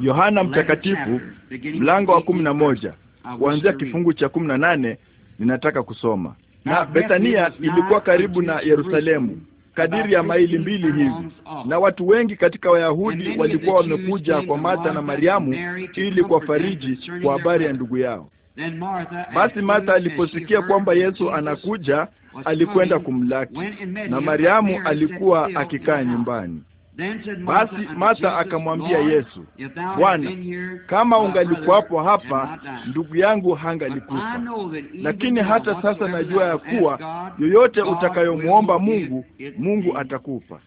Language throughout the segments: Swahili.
Yohana Mtakatifu mlango wa kumi na moja uh, kuanzia kifungu cha kumi na nane ninataka kusoma. Na Bethania ilikuwa karibu na Yerusalemu kadiri ya maili mbili hivi, na watu wengi katika Wayahudi walikuwa wamekuja kwa Martha na Mariamu ili kwa fariji kwa habari ya ndugu yao. Basi Martha aliposikia kwamba Yesu anakuja, alikwenda kumlaki, na Mariamu alikuwa akikaa nyumbani. Basi Martha akamwambia Yesu, Bwana, kama ungalikuwapo hapa ndugu yangu hangalikufa. Lakini hata sasa najua ya kuwa yoyote utakayomwomba Mungu, Mungu atakupa.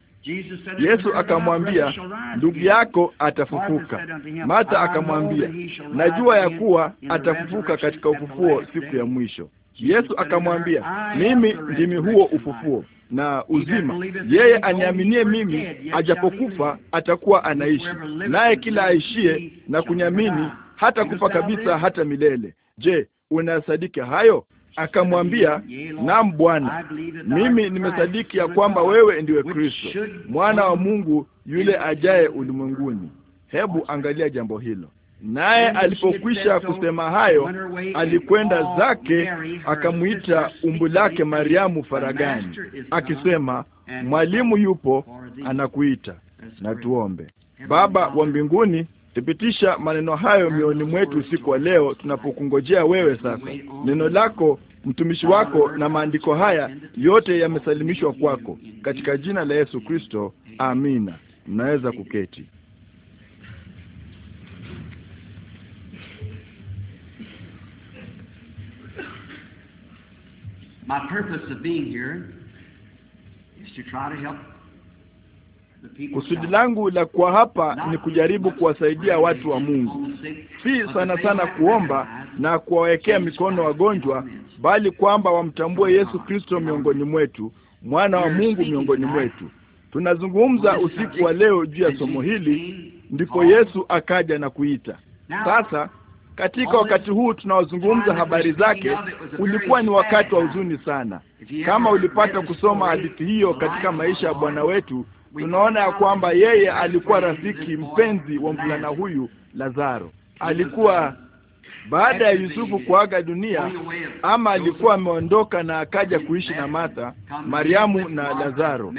Yesu akamwambia, ndugu yako atafufuka. Martha akamwambia, najua ya kuwa atafufuka katika ufufuo siku ya mwisho. Yesu akamwambia, mimi ndimi huo ufufuo na uzima. Yeye aniaminie mimi, ajapokufa atakuwa anaishi, naye kila aishie na kuniamini hata kufa kabisa, hata milele. Je, unasadiki hayo? Akamwambia, naam Bwana, mimi nimesadiki ya kwamba wewe ndiwe Kristo, mwana wa Mungu yule ajaye ulimwenguni. Hebu angalia jambo hilo. Naye alipokwisha kusema hayo, alikwenda zake akamwita umbu lake Mariamu faragani, akisema, mwalimu yupo anakuita. Na tuombe. Baba wa mbinguni, thibitisha maneno hayo mioyoni mwetu usiku wa leo tunapokungojea wewe. Sasa neno lako mtumishi wako na maandiko haya yote yamesalimishwa kwako, katika jina la Yesu Kristo, amina. Mnaweza kuketi. My purpose of being here is to try to help Kusudi langu la kuwa hapa ni kujaribu kuwasaidia watu wa Mungu, si sana sana kuomba na kuwawekea mikono wagonjwa, bali kwamba wamtambue Yesu Kristo miongoni mwetu, mwana wa Mungu miongoni mwetu. Tunazungumza usiku wa leo juu ya somo hili, ndipo Yesu akaja na kuita. Sasa katika wakati huu tunaozungumza habari zake, ulikuwa ni wakati wa huzuni sana. Kama ulipata kusoma hadithi hiyo katika maisha ya Bwana wetu, tunaona ya kwamba yeye alikuwa rafiki mpenzi wa mvulana huyu Lazaro. Alikuwa baada ya Yusufu kuaga dunia, ama alikuwa ameondoka na akaja kuishi na Martha, Mariamu na Lazaro,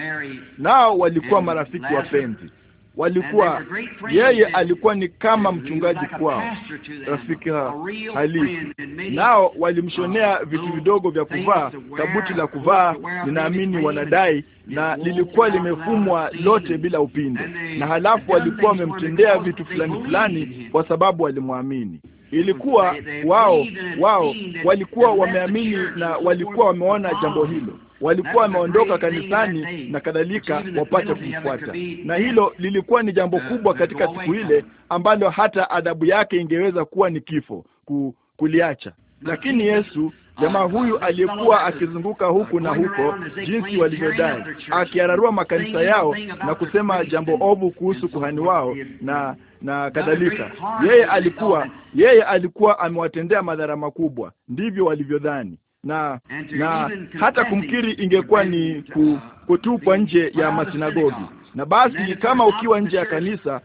nao walikuwa marafiki wapenzi walikuwa, yeye alikuwa ni kama mchungaji kwao, rafiki halisi. Nao walimshonea vitu vidogo vya kuvaa, kabuti la kuvaa, ninaamini wanadai, na lilikuwa limefumwa lote bila upinde, na halafu walikuwa wamemtendea vitu fulani fulani, kwa sababu walimwamini ilikuwa wao wao walikuwa wameamini na walikuwa wameona jambo hilo walikuwa wameondoka kanisani na kadhalika, wapate kumfuata. Na hilo lilikuwa ni jambo kubwa katika siku ile ambalo hata adhabu yake ingeweza kuwa ni kifo ku, kuliacha. Lakini Yesu uh, jamaa uh, huyu aliyekuwa akizunguka huku na huko, jinsi walivyodai, akiararua makanisa yao na kusema jambo ovu kuhusu kuhani wao na na kadhalika, yeye alikuwa yeye alikuwa amewatendea madhara makubwa, ndivyo walivyodhani na na hata kumkiri ingekuwa ni uh, kutupwa nje ya masinagogi. Na basi kama ukiwa nje ya kanisa,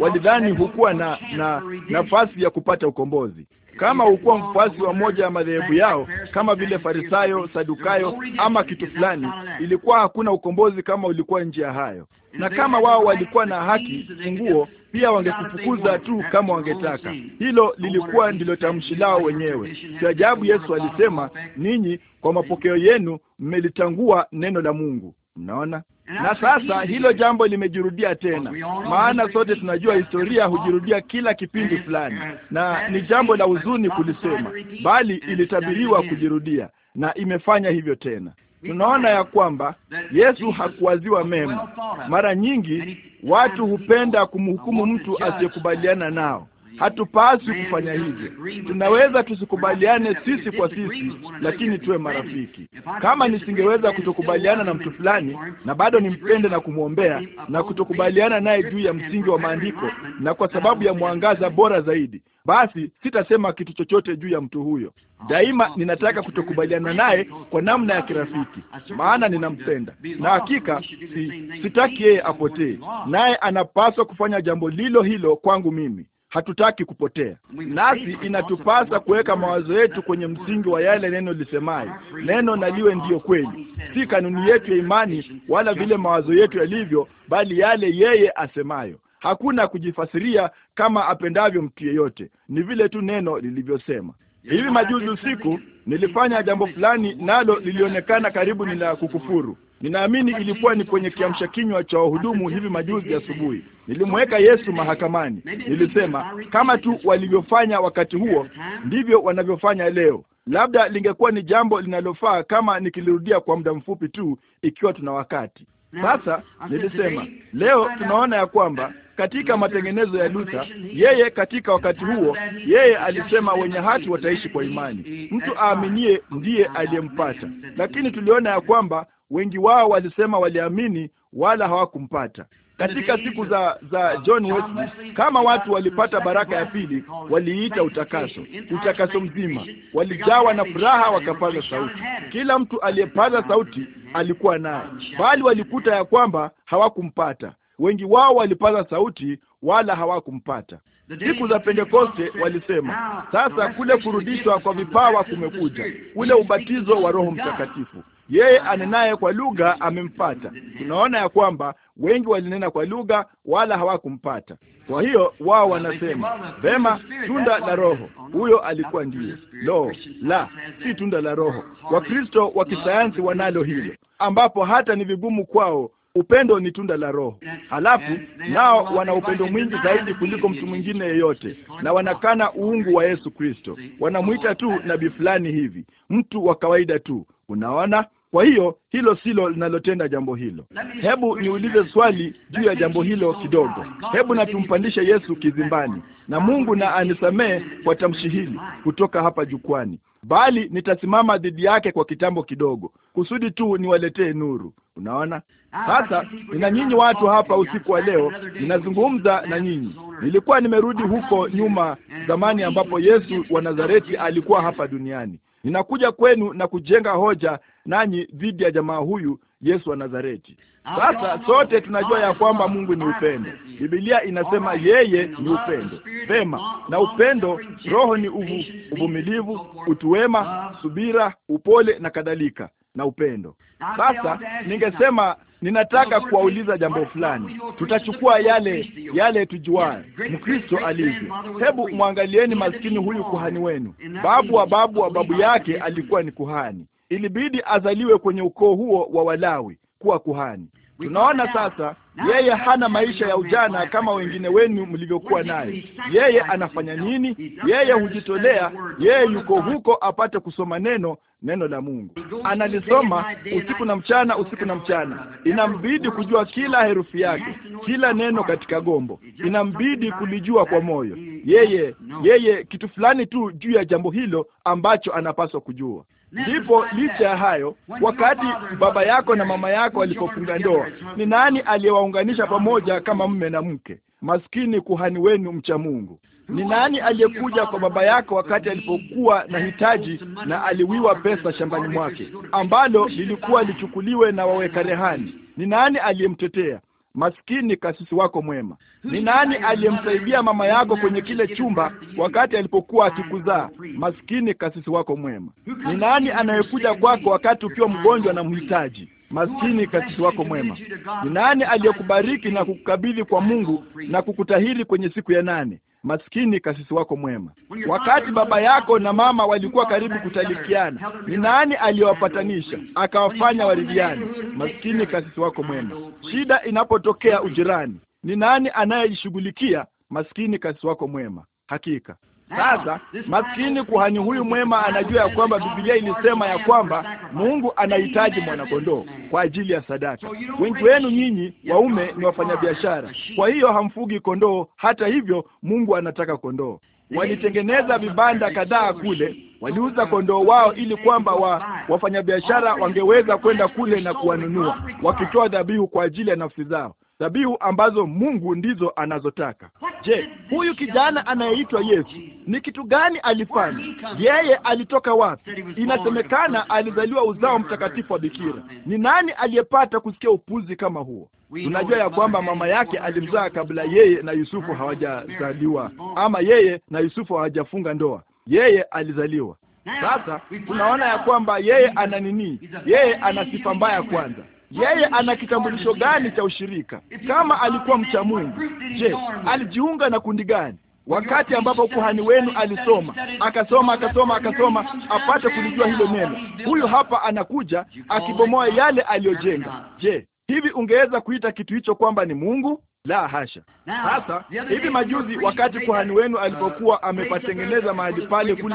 walidhani hukuwa na na nafasi ya kupata ukombozi kama hukuwa mfuasi wa moja ya madhehebu yao kama vile Farisayo, Sadukayo ama kitu fulani, ilikuwa hakuna ukombozi kama ulikuwa nje ya hayo. Na kama wao walikuwa na haki, funguo pia wangekufukuza tu kama wangetaka. Hilo oh, lilikuwa ndilo tamshi lao wenyewe. si ajabu, Yesu alisema, ninyi kwa mapokeo yenu mmelitangua neno la Mungu. Mnaona? Na sasa hilo jambo limejirudia tena, maana sote tunajua historia hujirudia kila kipindi fulani, na ni jambo la huzuni kulisema, bali ilitabiriwa kujirudia na imefanya hivyo tena tunaona ya kwamba Yesu hakuwaziwa mema. Mara nyingi watu hupenda kumhukumu mtu asiyekubaliana nao Hatupaswi kufanya hivyo. Tunaweza tusikubaliane sisi kwa sisi, lakini tuwe marafiki. Kama nisingeweza kutokubaliana na mtu fulani na bado nimpende na kumwombea na kutokubaliana naye juu ya msingi wa maandiko na kwa sababu ya mwangaza bora zaidi, basi sitasema kitu chochote juu ya mtu huyo. Ah, Daima ah, ninataka kutokubaliana naye kwa namna ya kirafiki, maana ninampenda na hakika si, sitaki yeye apotee, naye anapaswa kufanya jambo lilo hilo kwangu mimi hatutaki kupotea, nasi inatupasa kuweka mawazo yetu kwenye msingi wa yale neno lisemayo, neno na liwe ndiyo kweli, si kanuni yetu ya imani wala vile mawazo yetu yalivyo, bali yale yeye asemayo. Hakuna kujifasiria kama apendavyo mtu yeyote, ni vile tu neno lilivyosema. Hivi majuzi usiku nilifanya jambo fulani, nalo lilionekana karibu ni la kukufuru. Ninaamini ilikuwa ni kwenye kiamsha kinywa cha wahudumu hivi majuzi asubuhi. Nilimweka Yesu mahakamani. Nilisema kama tu walivyofanya wakati huo ndivyo wanavyofanya leo. Labda lingekuwa ni jambo linalofaa kama nikilirudia kwa muda mfupi tu, ikiwa tuna wakati. Sasa nilisema leo tunaona ya kwamba katika matengenezo ya Luther, yeye katika wakati huo, yeye alisema wenye haki wataishi kwa imani, mtu aaminie ndiye aliyempata. Lakini tuliona ya kwamba wengi wao walisema waliamini wala hawakumpata. Katika siku za za uh, John Wesley, kama watu walipata baraka ya pili, waliita utakaso, utakaso mzima. Walijawa na furaha, wakapaza sauti. Kila mtu aliyepaza sauti alikuwa naye, bali walikuta ya kwamba hawakumpata wengi wao walipaza sauti, wala hawakumpata. Siku za Pentekoste walisema, sasa kule kurudishwa kwa vipawa kumekuja, ule ubatizo wa Roho Mtakatifu. Yeye anenaye kwa lugha amempata. Tunaona ya kwamba wengi walinena kwa lugha wala hawakumpata. Kwa hiyo wao wanasema vema, tunda la Roho huyo alikuwa ndiye. Lo, la, si tunda la Roho. Wakristo wa kisayansi wanalo hilo, ambapo hata ni vigumu kwao Upendo ni tunda la Roho. Halafu nao wana upendo mwingi zaidi kuliko mtu mwingine yeyote, na wanakana uungu wa Yesu Kristo. Wanamwita tu nabii fulani hivi, mtu wa kawaida tu. Unaona? Kwa hiyo hilo silo linalotenda jambo hilo. Hebu niulize swali juu ya jambo hilo kidogo. Hebu na tumpandishe Yesu kizimbani, na Mungu na anisamehe kwa tamshi hili kutoka hapa jukwani bali nitasimama dhidi yake kwa kitambo kidogo, kusudi tu niwaletee nuru. Unaona, sasa nina nyinyi watu hapa usiku wa leo, ninazungumza na nyinyi. Nilikuwa nimerudi huko nyuma zamani, ambapo Yesu wa Nazareti alikuwa hapa duniani ninakuja kwenu na kujenga hoja nanyi dhidi ya jamaa huyu Yesu wa Nazareti. Sasa sote tunajua ya kwamba Mungu ni upendo. Biblia inasema yeye ni upendo. Vema, na upendo, roho ni uvu, uvumilivu, utuwema, subira, upole na kadhalika na upendo. Sasa ningesema ninataka kuwauliza jambo fulani. Tutachukua yale yale tujuaye Mkristo alivyo. Hebu mwangalieni maskini huyu kuhani wenu. Babu wa babu wa babu yake alikuwa ni kuhani, ilibidi azaliwe kwenye ukoo huo wa Walawi kuwa kuhani. Tunaona sasa yeye hana maisha ya ujana kama wengine wenu mlivyokuwa naye. Yeye anafanya nini? Yeye hujitolea, yeye yuko huko apate kusoma neno neno la Mungu, analisoma usiku na mchana, usiku na mchana. Inambidi kujua kila herufi yake, kila neno katika gombo, inambidi kulijua kwa moyo. Yeye yeye kitu fulani tu juu ya jambo hilo ambacho anapaswa kujua. Ndipo licha ya hayo, wakati baba yako na mama yako walipofunga ndoa, ni nani aliyewaunganisha pamoja kama mme na mke? Maskini kuhani wenu mcha Mungu. Ni nani aliyekuja kwa baba yako wakati alipokuwa na hitaji na aliwiwa pesa shambani mwake ambalo lilikuwa lichukuliwe na waweka rehani? Ni nani aliyemtetea maskini kasisi wako mwema? Ni nani aliyemsaidia mama yako kwenye kile chumba wakati alipokuwa akikuzaa? Maskini kasisi wako mwema. Ni nani anayekuja kwako wakati ukiwa mgonjwa na mhitaji? maskini katika wako mwema. Ni nani aliyekubariki na kukukabidhi kwa Mungu na kukutahiri kwenye siku ya nane? Maskini kasisi wako mwema. Wakati baba yako na mama walikuwa karibu kutalikiana, ni nani aliyowapatanisha akawafanya waridhiani Maskini kasisi wako mwema. Shida inapotokea ujirani, ni nani anayejishughulikia? Maskini kasisi wako mwema. Hakika sasa maskini kuhani huyu mwema anajua ya kwamba Biblia ilisema ya kwamba Mungu anahitaji mwanakondoo kwa ajili ya sadaka. Wengi wenu nyinyi waume ni wafanyabiashara, kwa hiyo hamfugi kondoo. Hata hivyo, Mungu anataka kondoo. Walitengeneza vibanda kadhaa kule, waliuza kondoo wao ili kwamba wa, wafanyabiashara wangeweza kwenda kule na kuwanunua, wakitoa dhabihu kwa ajili ya nafsi zao dhabihu ambazo Mungu ndizo anazotaka. Je, huyu kijana anayeitwa Yesu ni kitu gani alifanya? Yeye alitoka wapi? Inasemekana alizaliwa uzao mtakatifu wa bikira. Ni nani aliyepata kusikia upuzi kama huo? Tunajua ya kwamba mama yake alimzaa kabla yeye na Yusufu hawajazaliwa, ama yeye na Yusufu hawajafunga ndoa. Yeye alizaliwa. Sasa tunaona ya kwamba yeye ana nini? Yeye ana sifa mbaya kwanza yeye ana kitambulisho gani cha ushirika? Kama alikuwa mcha Mungu, je, alijiunga na kundi gani? Wakati ambapo kuhani wenu alisoma akasoma akasoma akasoma apate kulijua hilo neno, huyu hapa anakuja akibomoa yale aliyojenga. Je, hivi ungeweza kuita kitu hicho kwamba ni Mungu? La hasha. Sasa hivi majuzi, wakati kuhani wenu alipokuwa amepatengeneza mahali pale kule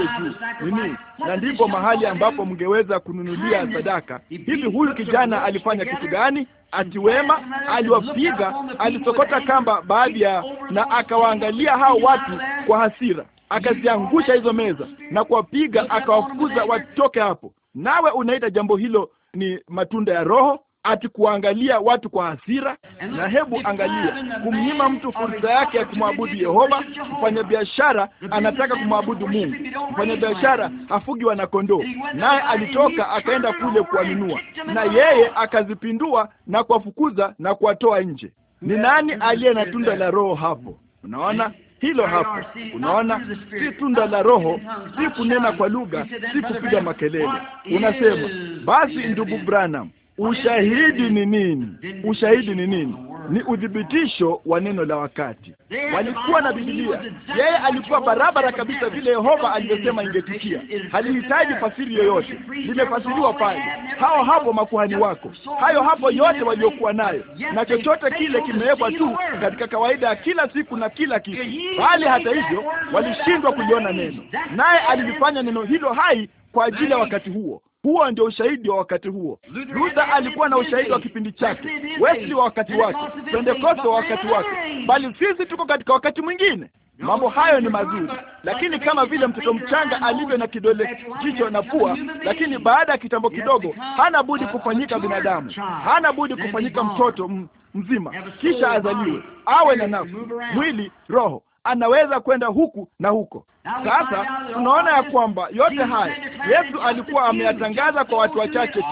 juu nini, na ndipo mahali ambapo mngeweza kununulia sadaka, hivi huyu kijana alifanya kitu gani? Ati wema, aliwapiga, alisokota kamba baadhi ya, na akawaangalia hao watu kwa hasira, akaziangusha hizo meza na kuwapiga, akawafukuza watoke hapo. Nawe unaita jambo hilo ni matunda ya Roho? ati kuangalia watu kwa hasira. Na hebu angalia, kumnyima mtu fursa yake ya kumwabudu Yehova. biashara anataka kumwabudu Mungu. biashara hafugiwa wana kondoo, naye alitoka akaenda kule kuwanunua, na yeye akazipindua na kuwafukuza na kuwatoa nje. Ni nani aliye na tunda la Roho hapo? Unaona hilo hapo, unaona, si tunda la Roho, si kunena kwa lugha, si kupiga makelele. Unasema basi, ndugu Branham Ushahidi ni nini? Ushahidi ni nini? Ni udhibitisho wa neno la wakati. Walikuwa na Biblia, yeye alikuwa barabara kabisa vile Yehova alivyosema ingetukia. Halihitaji fasiri yoyote, limefasiriwa pale. Hao hapo makuhani wako, hayo hapo yote waliokuwa nayo, na chochote kile kimewekwa tu katika kawaida ya kila siku na kila kitu, bali hata hivyo walishindwa kuliona neno, naye alilifanya neno hilo hai kwa ajili ya wakati huo. Huo ndio ushahidi wa wakati huo. Luther alikuwa na ushahidi wa kipindi chake, Wesley wa wakati wake, Pentekoste wa wakati wake, bali sisi tuko katika wakati mwingine. Mambo hayo ni mazuri, lakini kama vile mtoto mchanga alivyo na kidole, jicho na pua, lakini baada ya kitambo kidogo hana budi kufanyika binadamu, hana budi kufanyika mtoto mzima, kisha azaliwe, awe na nafsi, mwili, roho anaweza kwenda huku na huko. Sasa tunaona ya kwamba yote haya Yesu alikuwa ameyatangaza kwa watu wachache tu,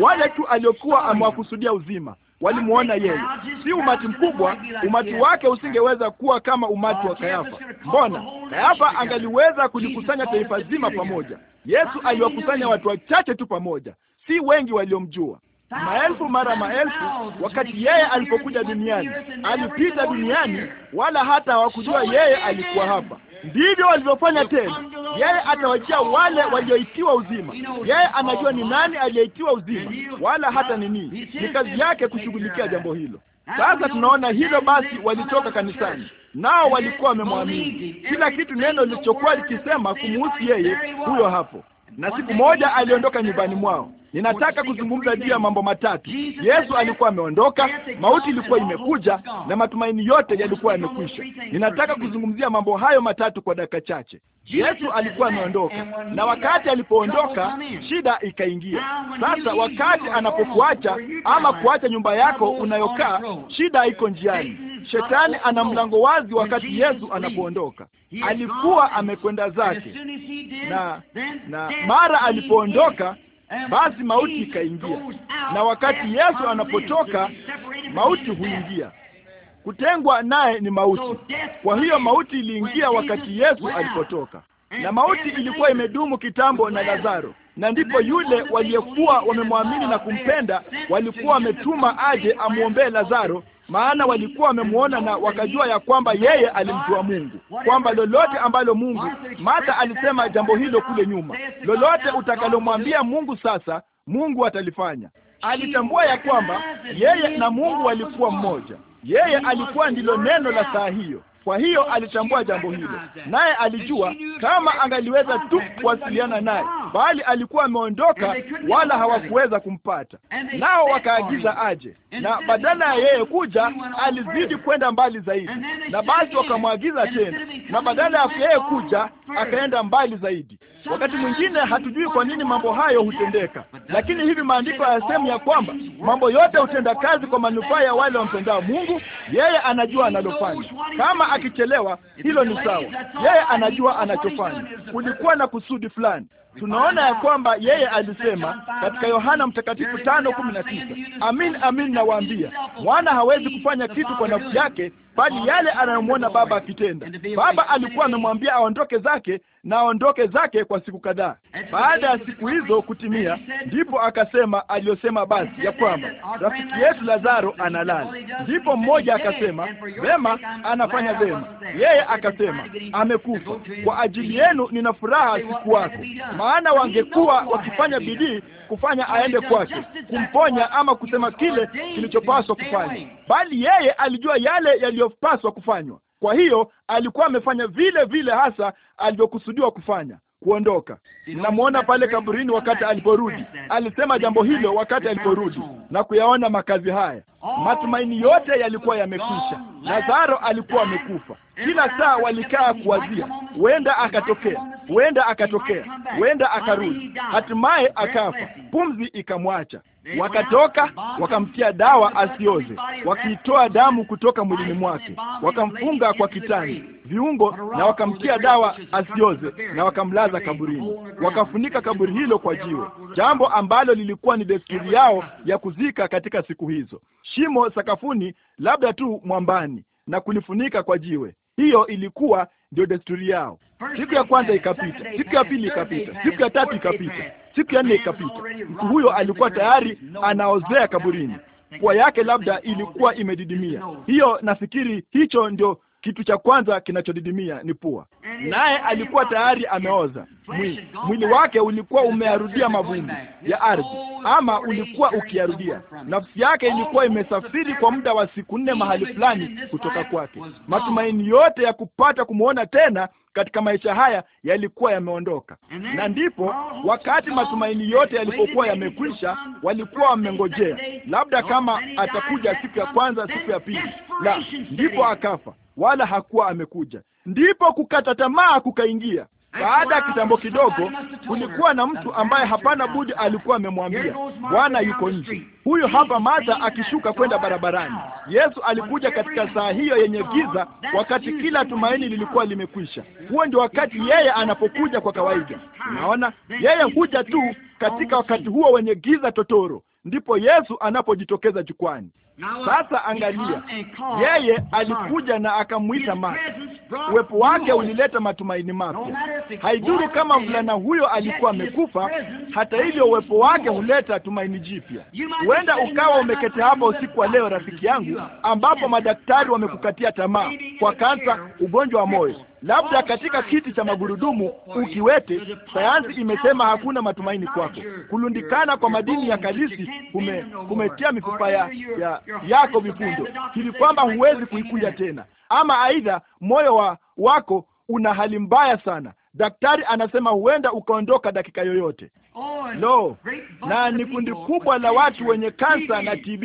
wale tu aliokuwa amewakusudia uzima walimwona yeye, si umati mkubwa. Umati wake usingeweza kuwa kama umati wa oh, Kayafa. Mbona Kayafa angaliweza kujikusanya taifa zima pamoja? Yesu aliwakusanya watu wachache tu pamoja, si wengi waliomjua maelfu mara maelfu. Wakati yeye alipokuja duniani, alipita duniani, wala hata hawakujua yeye alikuwa hapa. Ndivyo walivyofanya tena. Yeye atawajia wale walioitiwa uzima. Yeye anajua ni nani aliyeitiwa uzima, wala hata nini. Ni kazi yake kushughulikia jambo hilo. Sasa tunaona hilo. Basi walitoka kanisani, nao walikuwa wamemwamini kila kitu, neno lilichokuwa likisema kumuhusu yeye, huyo hapo. Na siku moja aliondoka nyumbani mwao Ninataka kuzungumza juu ya mambo matatu. Yesu alikuwa ameondoka, mauti ilikuwa imekuja, na matumaini yote yalikuwa yamekwisha. Ninataka kuzungumzia mambo hayo matatu kwa dakika chache. Yesu alikuwa ameondoka, na wakati alipoondoka, shida ikaingia. Sasa wakati anapokuacha ama kuacha nyumba yako unayokaa, shida iko njiani. Shetani ana mlango wazi. Wakati Yesu anapoondoka, alikuwa amekwenda zake, na na mara alipoondoka basi mauti ikaingia, na wakati Yesu anapotoka mauti huingia. Kutengwa naye ni mauti. Kwa hiyo mauti iliingia wakati Yesu alipotoka na mauti ilikuwa imedumu kitambo na Lazaro, na ndipo yule waliyekuwa wamemwamini na kumpenda walikuwa wametuma aje amwombee Lazaro, maana walikuwa wamemwona na wakajua ya kwamba yeye alimjua Mungu, kwamba lolote ambalo Mungu, Martha alisema jambo hilo kule nyuma, lolote utakalomwambia Mungu sasa, Mungu atalifanya. Alitambua ya kwamba yeye na Mungu walikuwa mmoja. Yeye alikuwa ndilo neno la saa hiyo. Kwa hiyo alitambua jambo hilo, naye alijua kama angaliweza tu kuwasiliana naye, bali alikuwa ameondoka, wala hawakuweza kumpata. Nao wakaagiza aje, na badala ya yeye kuja alizidi kwenda mbali zaidi, na basi wakamwagiza tena, na badala ya yeye kuja akaenda mbali zaidi. Wakati mwingine hatujui kwa nini mambo hayo hutendeka, lakini hivi maandiko sehemu ya kwamba mambo yote hutenda kazi kwa manufaa ya wale wampendao Mungu. Yeye anajua analofanya. Kama akichelewa, hilo ni sawa. Yeye anajua anachofanya. Kulikuwa na kusudi fulani tunaona ya kwamba yeye alisema katika Yohana Mtakatifu tano kumi na tisa amin amin nawaambia mwana hawezi kufanya kitu kwa nafsi yake bali yale anayomwona baba akitenda. Baba alikuwa amemwambia aondoke zake na aondoke zake kwa siku kadhaa. Baada ya siku hizo kutimia, ndipo akasema aliyosema basi, ya kwamba rafiki yetu Lazaro analala. Ndipo mmoja akasema, vema, anafanya vema. Yeye akasema, amekufa. Kwa ajili yenu nina furaha siku wako, maana wangekuwa wakifanya bidii kufanya aende kwake kumponya ama kusema kile kilichopaswa kufanya, bali yeye alijua yale yaliyopaswa kufanywa. Kwa hiyo alikuwa amefanya vile vile hasa alivyokusudiwa kufanya kuondoka. Namwona pale kaburini wakati aliporudi, alisema jambo hilo wakati aliporudi na kuyaona makazi haya. Matumaini yote yalikuwa yamekwisha. Lazaro alikuwa amekufa. Kila saa walikaa kuwazia, huenda akatokea, huenda akatokea, huenda akarudi, hatimaye akafa. Pumzi ikamwacha. Wakatoka wakamtia dawa asioze, wakiitoa damu kutoka mwilini mwake, wakamfunga kwa kitani viungo na wakamtia dawa asioze, na wakamlaza kaburini. Wakafunika kaburi hilo kwa jiwe, jambo ambalo lilikuwa ni desturi yao ya kuzika katika siku hizo, shimo sakafuni, labda tu mwambani, na kulifunika kwa jiwe. Hiyo ilikuwa ndio desturi yao. Siku ya kwanza ikapita, siku ya pili ikapita, siku ya tatu ikapita. Siku ya nne ikapita, mtu huyo alikuwa tayari anaozea kaburini, pua yake labda ilikuwa imedidimia. Hiyo nafikiri hicho ndio kitu cha kwanza kinachodidimia ni pua, naye alikuwa tayari ameoza mwili. Mwili wake ulikuwa umearudia mavumbi ya ardhi, ama ulikuwa ukiarudia. Nafsi yake ilikuwa imesafiri kwa muda wa siku nne mahali fulani kutoka kwake. Matumaini yote ya kupata kumwona tena katika maisha haya yalikuwa yameondoka. Na ndipo wakati matumaini yote yalipokuwa yamekwisha, walikuwa wamengojea labda kama atakuja siku ya kwanza, siku ya pili, la ndipo akafa wala hakuwa amekuja. Ndipo kukata tamaa kukaingia. Baada ya kitambo kidogo, kulikuwa na mtu ambaye hapana budi alikuwa amemwambia, Bwana yuko nje. Huyo hapa Martha akishuka kwenda barabarani. Yesu alikuja katika saa hiyo yenye giza, wakati kila tumaini lilikuwa limekwisha. Huo ndio wakati yeye anapokuja kwa kawaida. Unaona, yeye huja tu katika wakati huo wenye giza totoro, ndipo Yesu anapojitokeza jukwani. Sasa angalia, yeye alikuja na akamwita Martha. Uwepo wake ulileta matumaini mapya. Haidhuru kama mvulana huyo alikuwa amekufa, hata hivyo uwepo wake huleta tumaini jipya. Huenda ukawa umekete hapa usiku wa leo, rafiki yangu, ambapo madaktari wamekukatia tamaa kwa kansa, ugonjwa wa moyo, labda katika kiti cha magurudumu ukiwete. Sayansi imesema hakuna matumaini kwako. Kulundikana kwa madini ya kalisi kume, kumetia mifupa ya, ya, yako vifundo hivi kwamba huwezi kuikuja tena, ama aidha moyo wa, wako una hali mbaya sana. Daktari anasema huenda ukaondoka dakika yoyote. Lo, oh, na ni kundi kubwa la watu wenye kansa na TB.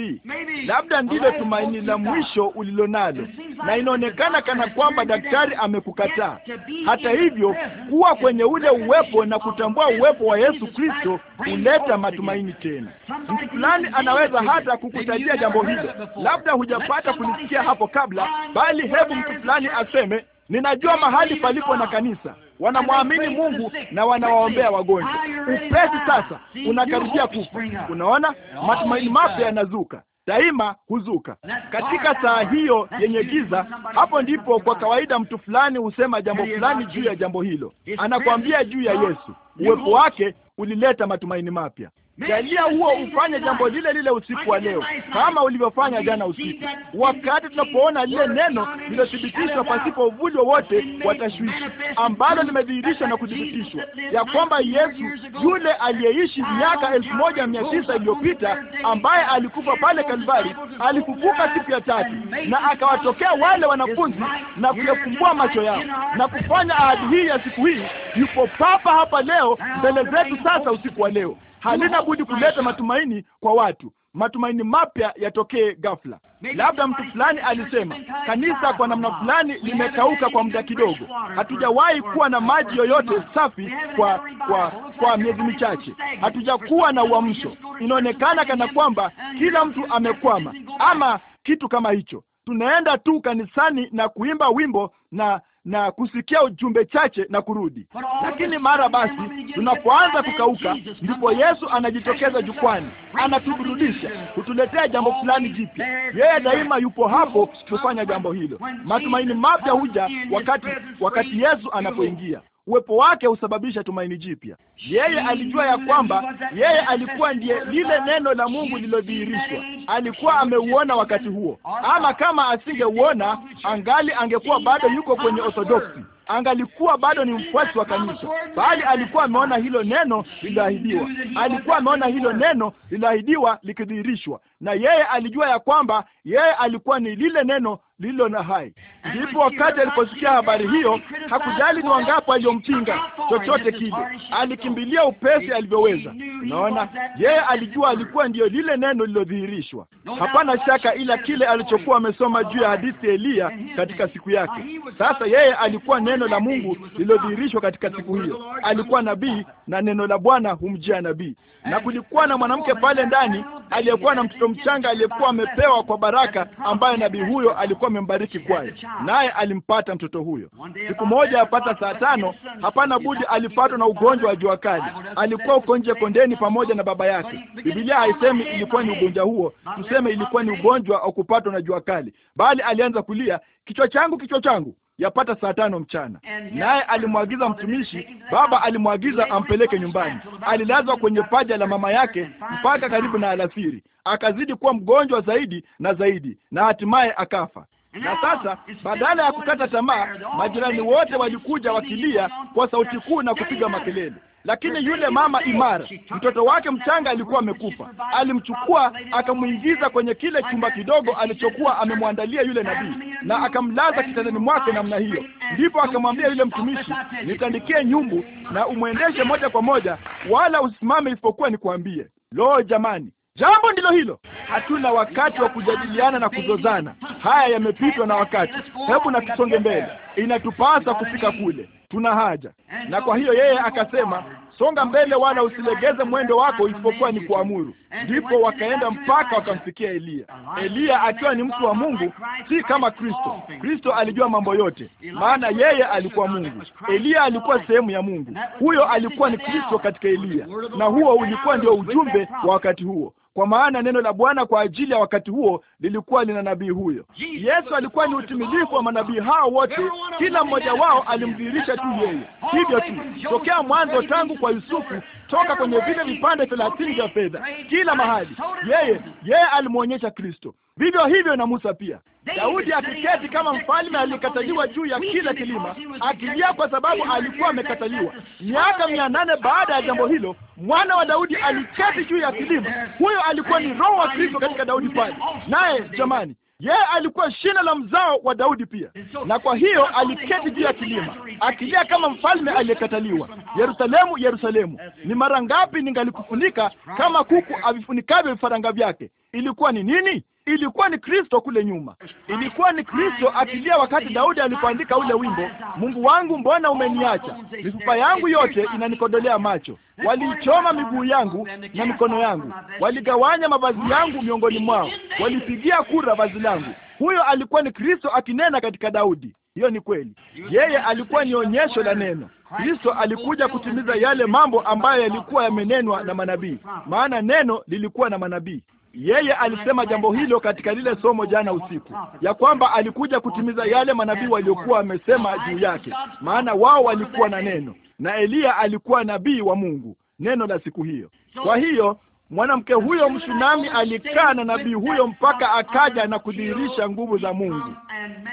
Labda ndilo tumaini la mwisho ulilonalo, na inaonekana kana kwamba daktari amekukataa. Hata hivyo, kuwa kwenye ule uwepo na kutambua uwepo wa Yesu Kristo huleta matumaini tena. Mtu fulani anaweza hata kukutajia jambo hilo, labda hujapata kulisikia hapo kabla, bali hebu mtu fulani aseme Ninajua mahali palipo na kanisa, wanamwamini Mungu na wanawaombea wagonjwa. Upesi sasa unakaribia kufa. Unaona, matumaini mapya yanazuka, daima huzuka katika saa hiyo yenye giza. Hapo ndipo kwa kawaida mtu fulani husema jambo fulani juu ya jambo hilo, anakwambia juu ya Yesu. Uwepo wake ulileta matumaini mapya. Jalia huo ufanye jambo lile lile usiku wa leo kama ulivyofanya jana usiku. Wakati tunapoona lile neno lililothibitishwa pasipo uvuli wowote wa tashwishi, ambalo limedhihirishwa na kuthibitishwa ya kwamba Yesu yule aliyeishi miaka elfu moja mia tisa iliyopita ambaye alikufa pale Kalvari alifufuka siku ya tatu na akawatokea wale wanafunzi na kuyafumbua macho yao na kufanya ahadi hii ya siku hii, yupo papa hapa leo mbele zetu sasa usiku wa leo halina budi kuleta matumaini kwa watu, matumaini mapya yatokee ghafla. Labda mtu fulani alisema, kanisa kwa namna fulani limekauka kwa muda kidogo, hatujawahi kuwa na maji yoyote safi kwa kwa kwa miezi michache, hatujakuwa na uamsho. Inaonekana kana kwamba kila mtu amekwama ama kitu kama hicho. Tunaenda tu kanisani na kuimba wimbo na na kusikia ujumbe chache na kurudi. Lakini mara basi tunapoanza kukauka, ndipo Yesu anajitokeza jukwani, anatuburudisha, kutuletea jambo fulani jipya. Yeye daima yupo hapo kufanya jambo hilo. Matumaini mapya huja wakati wakati Yesu anapoingia uwepo wake husababisha tumaini jipya. Yeye alijua ya kwamba yeye alikuwa ndiye lile neno la Mungu lililodhihirishwa. Alikuwa ameuona wakati huo, ama kama asingeuona, angali angekuwa bado yuko kwenye Orthodoksi, angalikuwa bado ni mfuasi wa kanisa, bali alikuwa ameona hilo neno lililoahidiwa. Alikuwa ameona hilo neno lililoahidiwa likidhihirishwa, na yeye alijua ya kwamba yeye alikuwa ni lile neno lililo na hai. Ndipo wakati aliposikia habari hiyo, hakujali ni wangapi waliompinga, chochote kile, alikimbilia upesi alivyoweza. Unaona, yeye alijua alikuwa ndiyo lile neno lilodhihirishwa. Hapana shaka, ila kile alichokuwa amesoma juu ya hadithi ya Eliya katika siku yake. Uh, Sasa yeye alikuwa neno la Mungu lililodhihirishwa katika siku hiyo, alikuwa nabii na neno la Bwana humjia nabii. Na kulikuwa na mwanamke pale ndani aliyekuwa na mtoto mchanga aliyekuwa amepewa kwa baraka, ambaye nabii huyo alikuwa alikuwa amembariki kwaye, naye alimpata mtoto huyo. Siku moja yapata saa tano, hapana budi, alipatwa na ugonjwa wa jua kali. Alikuwa uko nje kondeni pamoja na baba yake. Biblia haisemi ilikuwa ni ugonjwa huo, tuseme ilikuwa ni ugonjwa wa kupatwa na jua kali, bali alianza kulia, kichwa changu, kichwa changu yapata saa tano mchana, naye alimwagiza mtumishi. Baba alimwagiza ampeleke nyumbani. Alilazwa kwenye paja la mama yake mpaka karibu na alasiri, akazidi kuwa mgonjwa zaidi na zaidi, na hatimaye akafa. Na sasa badala ya kukata tamaa, majirani wote walikuja wakilia kwa sauti kuu na kupiga makelele. Lakini yule mama imara, mtoto wake mchanga alikuwa amekufa, alimchukua akamwingiza kwenye kile chumba kidogo alichokuwa amemwandalia yule nabii, na akamlaza kitandani mwake namna hiyo. Ndipo akamwambia yule mtumishi, nitandikie nyumbu na umwendeshe moja kwa moja, wala usimame isipokuwa nikuambie. Lo, jamani! Jambo ndilo hilo. Hatuna wakati wa kujadiliana na kuzozana. Haya yamepitwa na wakati. Hebu na tusonge mbele, inatupasa kufika kule, tuna haja. Na kwa hiyo yeye akasema, songa mbele, wala usilegeze mwendo wako, isipokuwa ni kuamuru. Ndipo wakaenda mpaka wakamfikia Eliya. Eliya akiwa ni mtu wa Mungu, si kama Kristo. Kristo alijua mambo yote, maana yeye alikuwa Mungu. Eliya alikuwa sehemu ya Mungu. Huyo alikuwa ni Kristo katika Eliya, na huo ulikuwa ndio ujumbe wa wakati huo kwa maana neno la Bwana kwa ajili ya wakati huo lilikuwa lina nabii huyo. Yesu alikuwa ni utimilifu wa manabii hao wote, kila mmoja wao alimdhihirisha tu yeye. Hivyo tu tokea mwanzo, tangu kwa Yusufu, toka kwenye vile vipande thelathini vya fedha, kila mahali yeye yeye alimwonyesha Kristo. Vivyo hivyo na Musa pia. Daudi akiketi kama mfalme aliyekataliwa juu ya kila kilima, akilia kwa sababu alikuwa amekataliwa. Miaka mia nane baada ya jambo hilo, mwana wa Daudi aliketi juu ya kilima. Huyo alikuwa ni roho wa Kristo katika Daudi pale, naye jamani yeye alikuwa shina la mzao wa Daudi pia, na kwa hiyo aliketi juu ya kilima akilia kama mfalme aliyekataliwa. Yerusalemu, Yerusalemu, ni mara ngapi ningalikufunika kama kuku avifunikavyo vifaranga vyake? Ilikuwa ni nini? Ilikuwa ni Kristo kule nyuma, ilikuwa ni Kristo akilia wakati Daudi alipoandika ule wimbo, Mungu wangu mbona umeniacha, mifupa yangu yote inanikodolea macho. Waliichoma miguu yangu na mikono yangu, waligawanya mavazi yangu miongoni mwao, walipigia kura vazi langu. Huyo alikuwa ni Kristo akinena katika Daudi. Hiyo ni kweli, yeye alikuwa ni onyesho la neno. Kristo alikuja kutimiza yale mambo ambayo yalikuwa yamenenwa na manabii, maana neno lilikuwa na manabii. Yeye alisema jambo hilo katika lile somo jana usiku, ya kwamba alikuja kutimiza yale manabii waliokuwa wamesema juu yake, maana wao walikuwa na neno na Eliya alikuwa nabii wa Mungu, neno la siku hiyo. Kwa hiyo mwanamke huyo mshunami alikaa na nabii huyo mpaka akaja na kudhihirisha nguvu za Mungu,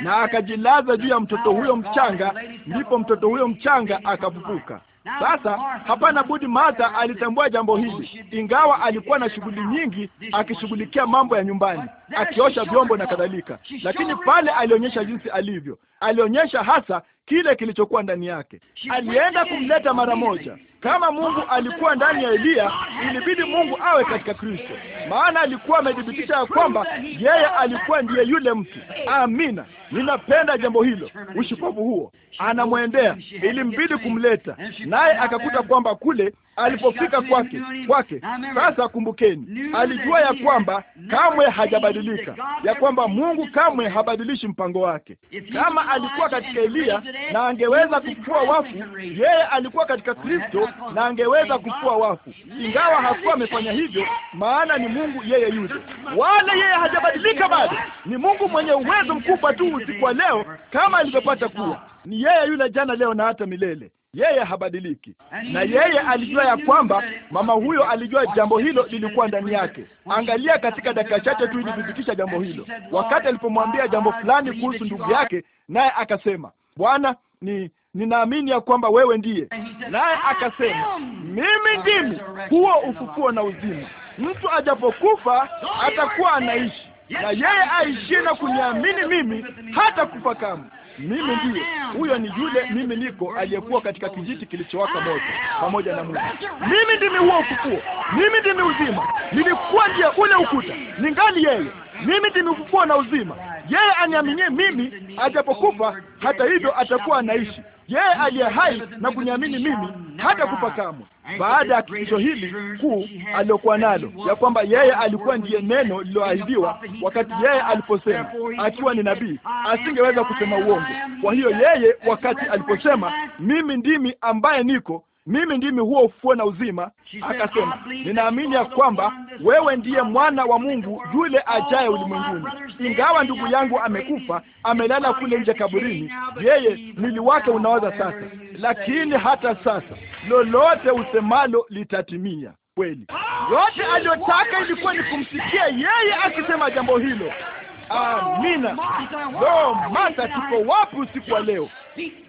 na akajilaza juu ya mtoto huyo mchanga, ndipo mtoto huyo mchanga akafufuka. Sasa hapana budi, Martha alitambua jambo hili, ingawa alikuwa na shughuli nyingi, akishughulikia mambo ya nyumbani, akiosha vyombo na kadhalika, lakini pale alionyesha jinsi alivyo, alionyesha hasa kile kilichokuwa ndani yake. Alienda kumleta mara moja. Kama Mungu alikuwa ndani ya Eliya, ilibidi Mungu awe katika Kristo, maana alikuwa amethibitisha ya kwamba yeye alikuwa ndiye yule mtu. Amina, ninapenda jambo hilo, ushupavu huo anamwendea, ilimbidi kumleta naye, akakuta kwamba kule alipofika kwake kwake. Sasa kumbukeni, alijua ya kwamba kamwe hajabadilika, ya kwamba Mungu kamwe habadilishi mpango wake. Kama alikuwa katika Eliya na angeweza kufua wafu, yeye alikuwa katika Kristo na angeweza kufua wafu, ingawa hakuwa amefanya hivyo, maana ni Mungu yeye yule, wala yeye hajabadilika bado. Ni Mungu mwenye uwezo mkubwa tu usiku wa leo, kama alivyopata kuwa ni yeye yule jana, leo na hata milele. Yeye habadiliki, na yeye alijua ya kwamba mama huyo alijua jambo hilo lilikuwa ndani yake. Angalia, katika dakika chache tu ilithibitisha jambo hilo, wakati alipomwambia jambo fulani kuhusu ndugu yake, naye akasema, Bwana, ni ninaamini ya kwamba wewe ndiye. Naye akasema, mimi ndimi huo ufufuo na uzima, mtu ajapokufa atakuwa anaishi, na yeye aishie na kuniamini mimi hata kufa kamwe. Mimi ndiye huyo, ni yule mimi niko aliyekuwa katika kijiti kilichowaka moto pamoja na Mungu. Mimi ndimi huo ufufuo, mimi ndimi uzima. Nilikuwa ndiye ule ukuta, ningali yeye. Mimi ndimi ufufuo na uzima. Yeye aniaminie mimi, ajapokufa hata hivyo atakuwa anaishi yeye aliye hai na kuniamini mimi hata kufa kamwe. Baada ya hakikisho hili kuu aliyokuwa nalo ya kwamba yeye alikuwa ndiye neno lililoahidiwa, wakati yeye aliposema akiwa ni nabii asingeweza kusema uongo. Kwa hiyo yeye wakati aliposema mimi ndimi ambaye niko mimi ndimi huo ufufuo na uzima. Akasema, ninaamini ya kwamba wewe ndiye mwana wa Mungu yule ajaye ulimwenguni. Ingawa ndugu yangu amekufa, amelala kule nje kaburini, yeye mwili wake unaoza sasa, lakini hata sasa lolote usemalo litatimia. Kweli oh, yote aliyotaka ilikuwa ni kumsikia yeye akisema jambo hilo. Oh, Amina. Lo, Martha, tuko wapi usiku wa leo?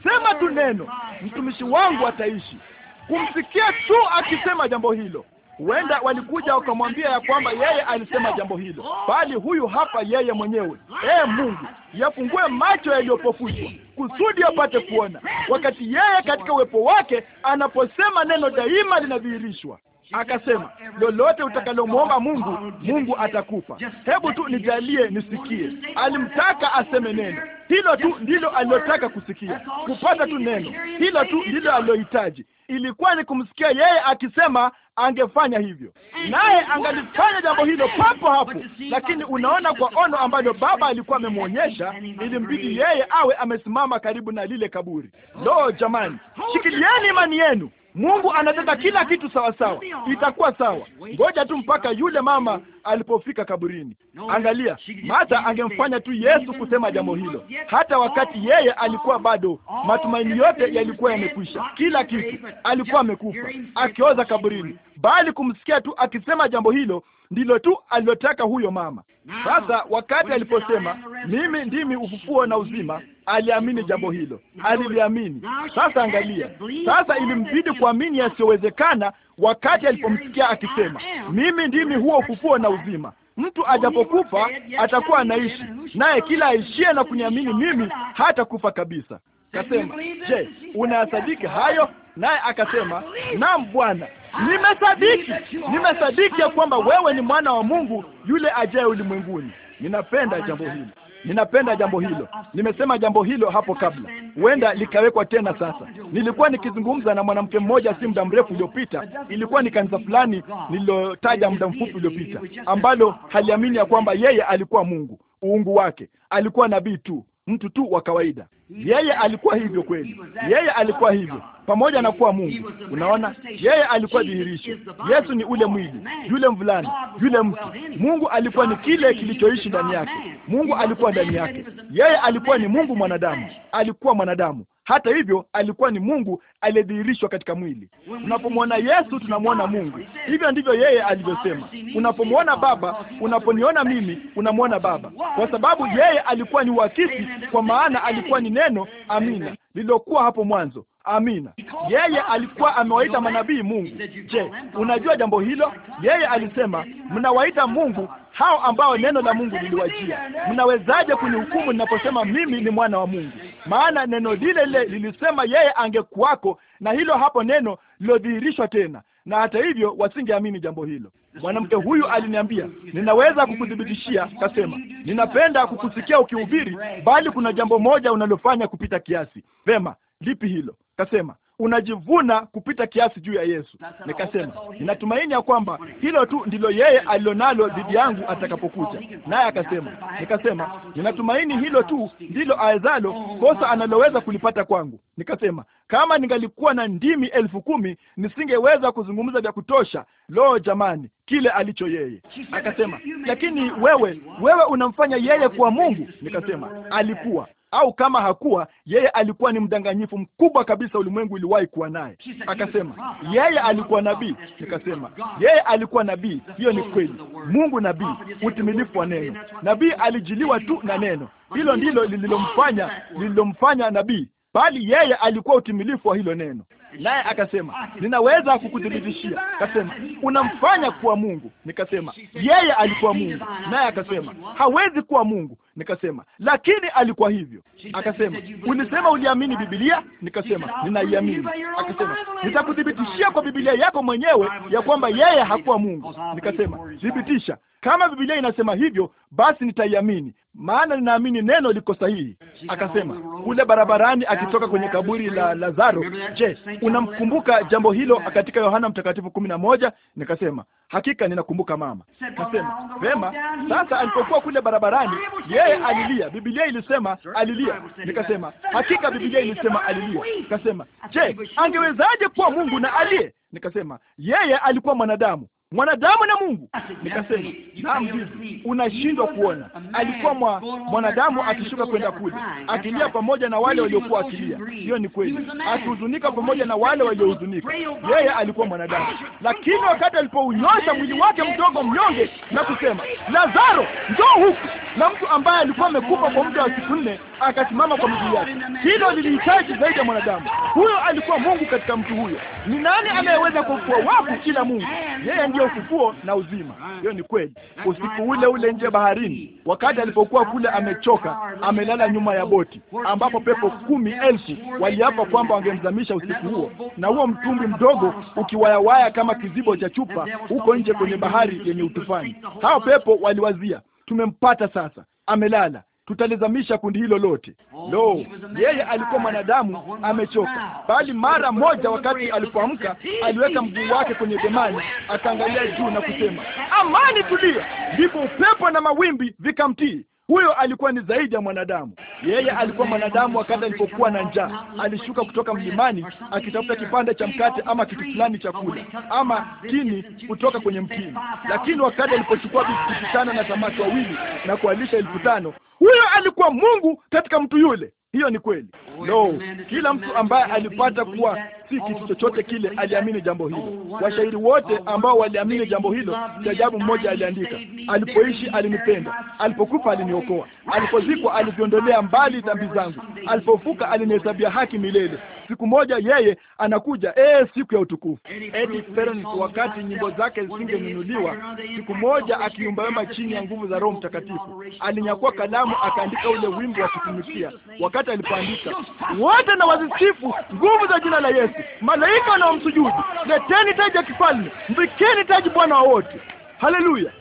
Sema tu neno, mtumishi wangu ataishi kumsikia tu akisema jambo hilo. Huenda walikuja wakamwambia ya kwamba yeye alisema jambo hilo, bali huyu hapa yeye mwenyewe. Ee Mungu, yafungue macho yaliyopofushwa kusudi apate kuona, wakati yeye katika uwepo wake anaposema neno daima linadhihirishwa akasema, lolote utakalomwomba Mungu, Mungu atakupa. Hebu tu nijalie nisikie. Alimtaka aseme neno hilo, tu ndilo alilotaka kusikia, kupata tu neno hilo, tu ndilo alilohitaji. Ilikuwa ni kumsikia yeye akisema angefanya hivyo, naye angalifanya jambo hilo papo hapo. Lakini unaona, kwa ono ambalo baba alikuwa amemwonyesha, ilimbidi yeye awe amesimama karibu na lile kaburi. Lo, jamani, shikilieni imani yenu. Mungu anataka kila kitu sawa sawa, itakuwa sawa. Ngoja tu mpaka yule mama alipofika kaburini. Angalia, Martha angemfanya tu Yesu kusema jambo hilo, hata wakati yeye alikuwa bado, matumaini yote yalikuwa yamekwisha, kila kitu, alikuwa amekufa akioza kaburini, bali kumsikia tu akisema jambo hilo ndilo tu alilotaka huyo mama. Sasa wakati aliposema mimi ndimi ufufuo na uzima, aliamini jambo hilo, aliliamini. Sasa angalia, sasa ilimbidi kuamini yasiyowezekana wakati alipomsikia akisema mimi ndimi huo ufufuo na uzima Mtu ajapokufa atakuwa anaishi, naye kila aishie na kuniamini mimi hata kufa kabisa. Kasema, je, unayasadiki hayo? Naye akasema, naam Bwana, nimesadiki, nimesadiki ya kwamba wewe ni mwana wa Mungu yule ajaye ulimwenguni. Ninapenda jambo hilo, ninapenda jambo hilo. Nimesema jambo hilo hapo kabla, huenda likawekwa tena sasa. Nilikuwa nikizungumza na mwanamke mmoja si muda mrefu uliopita, ilikuwa ni kanisa fulani nililotaja muda mfupi uliopita, ambalo haliamini ya kwamba yeye alikuwa Mungu, uungu wake alikuwa nabii tu mtu tu wa kawaida. Yeye alikuwa hivyo kweli, yeye alikuwa hivyo pamoja na kuwa Mungu. Unaona, yeye alikuwa dhihirisho. Yesu ni ule mwili, yule mvulana, yule mtu. Mungu alikuwa ni kile kilichoishi ndani yake. Mungu alikuwa ndani yake, yeye alikuwa ni Mungu mwanadamu, alikuwa mwanadamu hata hivyo alikuwa ni Mungu aliyedhihirishwa katika mwili. Unapomwona Yesu tunamwona Mungu. Hivyo ndivyo yeye alivyosema, unapomwona Baba, unaponiona mimi, unamwona Baba, kwa sababu yeye alikuwa ni uakisi, kwa maana alikuwa ni neno amina, lililokuwa hapo mwanzo. Amina. Yeye alikuwa amewaita manabii Mungu. Je, unajua jambo hilo? Yeye alisema mnawaita Mungu hao ambao neno la Mungu liliwajia. Mnawezaje kunihukumu ninaposema mimi ni mwana wa Mungu? Maana neno lile lile lilisema yeye angekuwako, na hilo hapo neno lilodhihirishwa tena, na hata hivyo wasingeamini jambo hilo. Mwanamke huyu aliniambia, ninaweza kukuthibitishia, kasema, ninapenda kukusikia ukihubiri, bali kuna jambo moja unalofanya kupita kiasi. Vema, lipi hilo? Kasema, unajivuna kupita kiasi juu ya Yesu. Nikasema ninatumaini ya kwamba hilo tu ndilo yeye alilonalo dhidi yangu atakapokuja, naye akasema. Nikasema ninatumaini hilo tu ndilo aezalo kosa analoweza kulipata kwangu. Nikasema kama ningalikuwa na ndimi elfu kumi nisingeweza kuzungumza vya kutosha, lo jamani, kile alicho yeye. Akasema lakini wewe, wewe unamfanya yeye kuwa Mungu. Nikasema alikuwa au kama hakuwa, yeye alikuwa ni mdanganyifu mkubwa kabisa ulimwengu iliwahi kuwa naye. Akasema yeye alikuwa nabii, nikasema yeye alikuwa nabii. Hiyo ni kweli, Mungu nabii, utimilifu wa neno. Nabii alijiliwa tu na neno, hilo ndilo lililomfanya lililomfanya nabii, bali yeye alikuwa utimilifu wa hilo neno. Naye akasema ninaweza kukuthibitishia. Akasema unamfanya kuwa Mungu. Nikasema yeye alikuwa Mungu. Naye akasema hawezi kuwa Mungu. Nikasema lakini alikuwa hivyo. Akasema ulisema uliamini Biblia. Nikasema ninaiamini. Akasema nitakuthibitishia kwa Biblia yako mwenyewe ya kwamba yeye hakuwa Mungu. Nikasema thibitisha kama Biblia inasema hivyo, basi nitaiamini, maana ninaamini neno liko sahihi. Akasema kule barabarani akitoka kwenye kaburi la Lazaro, je, unamkumbuka jambo hilo katika Yohana Mtakatifu kumi na moja? Nikasema hakika ninakumbuka mama. Kasema vema. Sasa alipokuwa kule barabarani, yeye alilia, Biblia ilisema alilia. Nikasema hakika Biblia ilisema alilia. Kasema je, angewezaje kuwa Mungu na aliye? Nikasema yeye alikuwa mwanadamu mwanadamu na Mungu. Nikasema, naam, unashindwa kuona? Alikuwa mwa, mwanadamu akishuka kwenda kule akilia pamoja na wale waliokuwa akilia, hiyo ni kweli, akihuzunika pamoja na wale waliohuzunika. Yeye alikuwa mwanadamu, lakini wakati alipounyosha mwili wake mdogo mnyonge na kusema, Lazaro, njoo huku, na mtu ambaye alikuwa amekufa kwa muda wa siku nne akasimama kwa miguu yake, hilo lilihitaji zaidi ya mwanadamu. Huyo alikuwa Mungu katika mtu huyo. Ni nani anayeweza kufufua wafu kila Mungu? Yeye ndiyo ufufuo na uzima. Hiyo ni kweli. Usiku ule ule nje baharini, wakati alipokuwa kule amechoka, amelala nyuma ya boti, ambapo pepo kumi elfu waliapa kwamba wangemzamisha usiku huo, na huo mtumbwi mdogo ukiwayawaya kama kizibo cha chupa huko nje kwenye bahari yenye utufani. Hao pepo waliwazia, tumempata sasa, amelala tutalizamisha kundi hilo lote. Lo, oh, yeye alikuwa mwanadamu amechoka, bali mara moja wakati alipoamka aliweka mguu wake kwenye demani, akaangalia juu na kusema, amani, tulia. Ndipo upepo na mawimbi vikamtii. Huyo alikuwa ni zaidi ya mwanadamu. Yeye alikuwa mwanadamu wakati alipokuwa na njaa, alishuka kutoka mlimani akitafuta kipande cha mkate ama kitu fulani cha kula ama tini kutoka kwenye mtini, lakini wakati alipochukua vitu na samaki wawili na kualisha elfu tano huyo alikuwa Mungu katika mtu yule. Hiyo ni kweli. No, kila mtu ambaye alipata kuwa si kitu chochote kile aliamini jambo hilo. Washairi wote ambao waliamini jambo hilo, si ajabu mmoja aliandika, alipoishi alinipenda, alipokufa aliniokoa, alipozikwa aliviondolea mbali dhambi zangu, alipofuka alinihesabia haki milele, siku moja yeye anakuja, ee siku ya utukufu. Eddie Ferenc, wakati nyimbo zake zisingenunuliwa, siku moja akiumbawema chini ya nguvu za Roho Mtakatifu, alinyakua kalamu akaandika ule wimbo wa kutumikia. Wakati alipoandika, wote na wazisifu nguvu za jina la Yesu, malaika wanaomsujudu, leteni taji ya kifalme, mvikeni taji Bwana wa wote. Haleluya!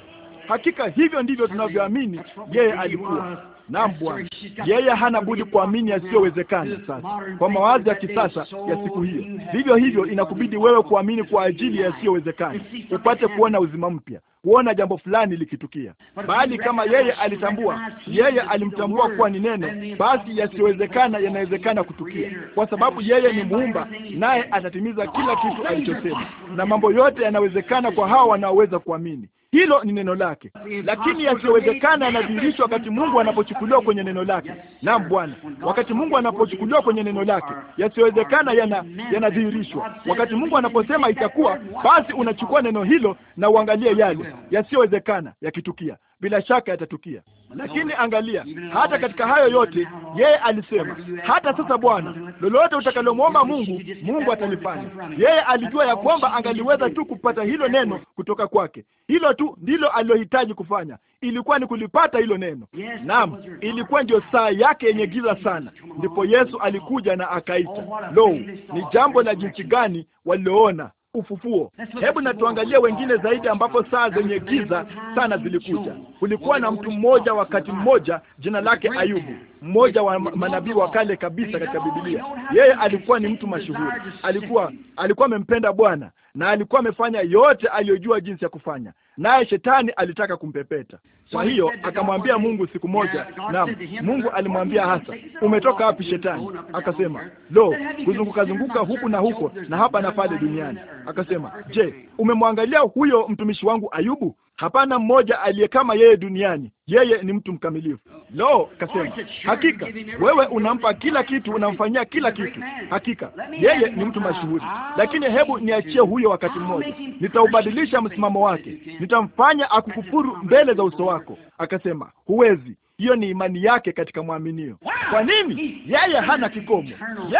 Hakika hivyo ndivyo tunavyoamini yeye alikuwa. Naam Bwana, yeye hana budi kuamini yasiyowezekana sasa kwa mawazo ya kisasa ya siku hiyo. Vivyo hivyo inakubidi wewe kuamini kwa ajili ya yasiyowezekana upate kuona uzima mpya kuona jambo fulani likitukia, bali kama yeye alitambua, yeye alimtambua kuwa ni neno, basi yasiyowezekana yanawezekana kutukia, kwa sababu yeye ni Muumba, naye atatimiza kila kitu alichosema, na mambo yote yanawezekana kwa hawa wanaoweza kuamini. Hilo ni neno lake, lakini yasiyowezekana yanadhihirishwa wakati Mungu anapochukuliwa kwenye neno lake. Naam Bwana, wakati Mungu anapochukuliwa kwenye neno lake, yasiyowezekana yana yanadhihirishwa. Wakati Mungu anaposema itakuwa, basi unachukua neno hilo na uangalie yale yasiyowezekana yakitukia, bila shaka yatatukia. Lakini angalia, hata katika hayo yote yeye alisema, hata sasa Bwana, lolote utakalomwomba Mungu, Mungu atalifanya. Yeye alijua ya kwamba angaliweza tu kupata hilo neno kutoka kwake. Hilo tu ndilo alilohitaji kufanya, ilikuwa ni kulipata hilo neno. Naam, ilikuwa ndio saa yake yenye giza sana, ndipo Yesu alikuja na akaita. Oh, Lo, ni jambo la jinsi gani waliloona ufufuo. Hebu na tuangalie wengine zaidi, ambapo saa zenye giza sana zilikuja. Kulikuwa na mtu mmoja wakati mmoja, jina lake Ayubu, mmoja wa manabii wa kale kabisa katika Biblia. Yeye alikuwa ni mtu mashuhuri, alikuwa alikuwa amempenda Bwana na alikuwa amefanya yote aliyojua jinsi ya kufanya, naye shetani alitaka kumpepeta. Kwa hiyo akamwambia Mungu siku moja, na Mungu alimwambia hasa, oh, umetoka wapi shetani? Akasema, lo, kuzunguka zunguka huku na huko na hapa na pale duniani. Akasema, je, umemwangalia huyo mtumishi wangu Ayubu? hapana mmoja aliye kama yeye duniani. Yeye ni mtu mkamilifu. Oh. Lo, kasema hakika, wewe unampa kila kitu, unamfanyia kila kitu. Hakika yeye ni mtu mashuhuri, ah, lakini hebu niachie huyo wakati mmoja, nitaubadilisha msimamo wake, nitamfanya akukufuru mbele za uso wako. Akasema huwezi, hiyo ni imani yake katika mwaminio. Kwa nini? Yeye hana kikomo,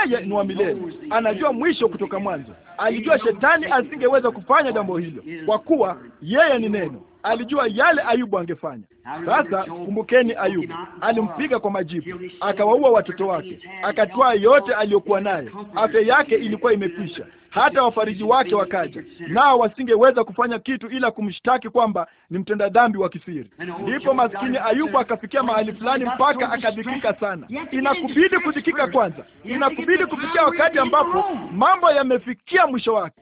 yeye ni wa milele, anajua mwisho kutoka mwanzo. Alijua shetani asingeweza kufanya jambo hilo, kwa kuwa yeye ni neno. Alijua yale Ayubu angefanya. Sasa kumbukeni, Ayubu alimpiga kwa majibu, akawaua watoto wake, akatwaa yote aliyokuwa naye Afya yake ilikuwa imekwisha hata wafariji wake wakaja, nao wasingeweza kufanya kitu ila kumshtaki kwamba ni mtenda dhambi wa kisiri. Ndipo maskini Ayubu akafikia mahali fulani mpaka akadhikika sana. Inakubidi kudhikika kwanza, inakubidi kufikia wakati ambapo mambo yamefikia mwisho wake.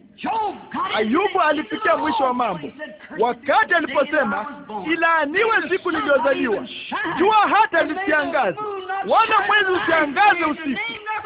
Ayubu alifikia mwisho wa mambo wakati aliposema, ilaaniwe siku niliyozaliwa, jua hata lisiangaze wala mwezi usiangaze usiku,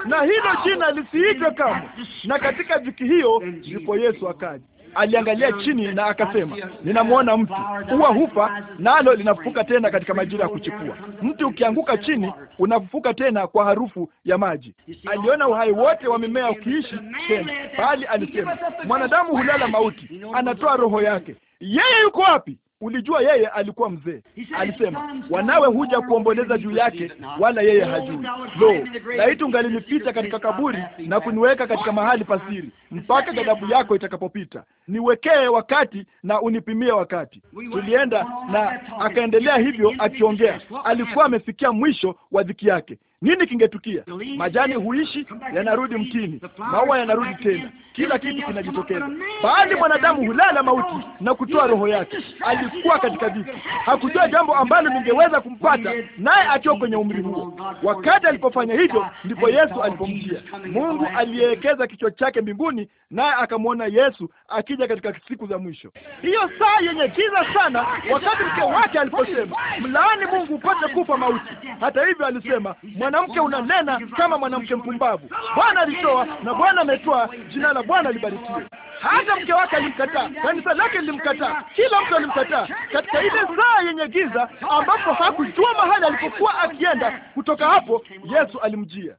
na hilo jina lisiitwe kamwe, na katika wiki hiyo ndipo Yesu akaja, aliangalia chini na akasema, ninamwona mtu huwa hufa nalo linafufuka tena katika majira ya kuchipua. Mti ukianguka chini unafufuka tena kwa harufu ya maji. Aliona uhai wote wa mimea ukiishi tena, bali alisema, mwanadamu hulala mauti, anatoa roho yake. Yeye yuko wapi? Ulijua yeye alikuwa mzee. Alisema wanawe huja kuomboleza juu yake, wala yeye hajui. Lo, laiti ungalinipita katika kaburi na kuniweka katika mahali pasiri, mpaka ghadhabu yako itakapopita. Niwekee wakati na unipimie wakati. Tulienda na akaendelea hivyo akiongea. Alikuwa amefikia mwisho wa dhiki yake, nini kingetukia? Majani huishi, yanarudi mtini, maua yanarudi tena, kila kitu kinajitokeza. Bali mwanadamu hulala mauti na kutoa roho yake. Alikuwa katika vita, hakutoa jambo ambalo lingeweza kumpata naye akiwa kwenye umri huo. Oh wakati alipofanya hivyo, ndipo Yesu alipomjia. Mungu aliyewekeza kichwa chake mbinguni, naye akamwona Yesu akija katika siku za mwisho. Hiyo saa yenye giza sana, wakati mke wake aliposema, mlaani Mungu upate kufa mauti. Hata hivyo alisema mwanamke unanena kama mwanamke mpumbavu. Bwana alitoa na Bwana ametoa, jina la Bwana libarikiwe. Hata mke wake alimkataa, kanisa lake lilimkataa, kila mtu alimkataa. Katika ile saa yenye giza ambapo hakujua mahali alipokuwa akienda, kutoka hapo Yesu alimjia.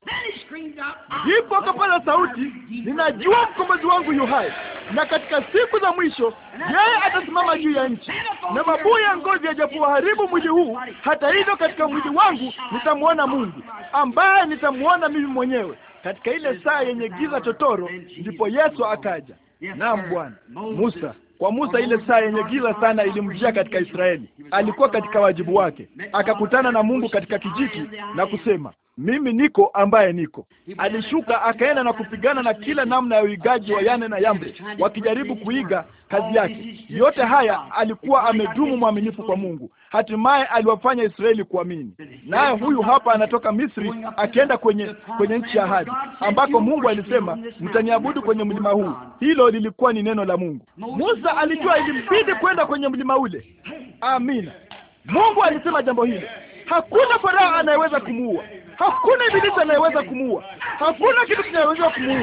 Ndipo akapaza sauti, ninajua mkombozi wangu yu hai, na katika siku za mwisho yeye atasimama juu ya nchi, na mabuu ya ngozi haribu mwili huu, hata hivyo katika mwili wangu nitamwona Mungu ambaye nitamwona mimi mwenyewe katika ile saa yenye giza totoro. Ndipo Yesu akaja. Naam Bwana Musa kwa Musa ile saa yenye giza sana ilimjia katika Israeli. Alikuwa katika wajibu wake, akakutana na Mungu katika kijiti na kusema, mimi niko ambaye niko. Alishuka akaenda na kupigana na kila namna ya uigaji wa Yane na Yambre, wakijaribu kuiga kazi yake. Yote haya alikuwa amedumu mwaminifu kwa Mungu, hatimaye aliwafanya Israeli kuamini. Naye huyu hapa anatoka Misri akienda kwenye kwenye nchi ya ahadi, ambako Mungu alisema mtaniabudu kwenye mlima huu. Hilo lilikuwa ni neno la Mungu. Musa alijua ilimbidi kwenda kwenye mlima ule. Amina. Mungu alisema jambo hilo, hakuna Farao anayeweza kumuua. Hakuna ibilisi anayeweza kumuua, hakuna kitu kinaweza kumuua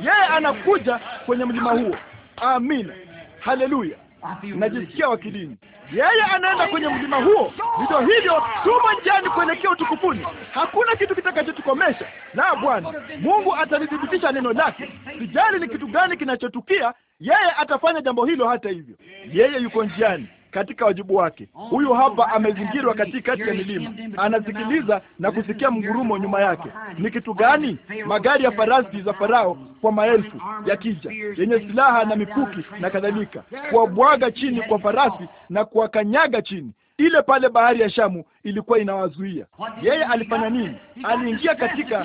yeye. Anakuja kwenye mlima huo. Amina, haleluya. Najisikia wakilini Yeye anaenda kwenye mlima huo, vivyo hivyo tumo njiani kuelekea utukufuni. Hakuna kitu kitakachotukomesha, la Bwana Mungu atalithibitisha neno lake. Sijali ni kitu gani kinachotukia, yeye atafanya jambo hilo. Hata hivyo, yeye yuko njiani katika wajibu wake. Huyu hapa amezingirwa katikati ya milima, anasikiliza na kusikia mgurumo nyuma yake. Ni kitu gani? Magari ya farasi za Farao kwa maelfu yakija, yenye silaha na mikuki na kadhalika, kuwabwaga chini kwa farasi na kuwakanyaga chini ile pale bahari ya Shamu ilikuwa inawazuia. Yeye alifanya nini? Aliingia katika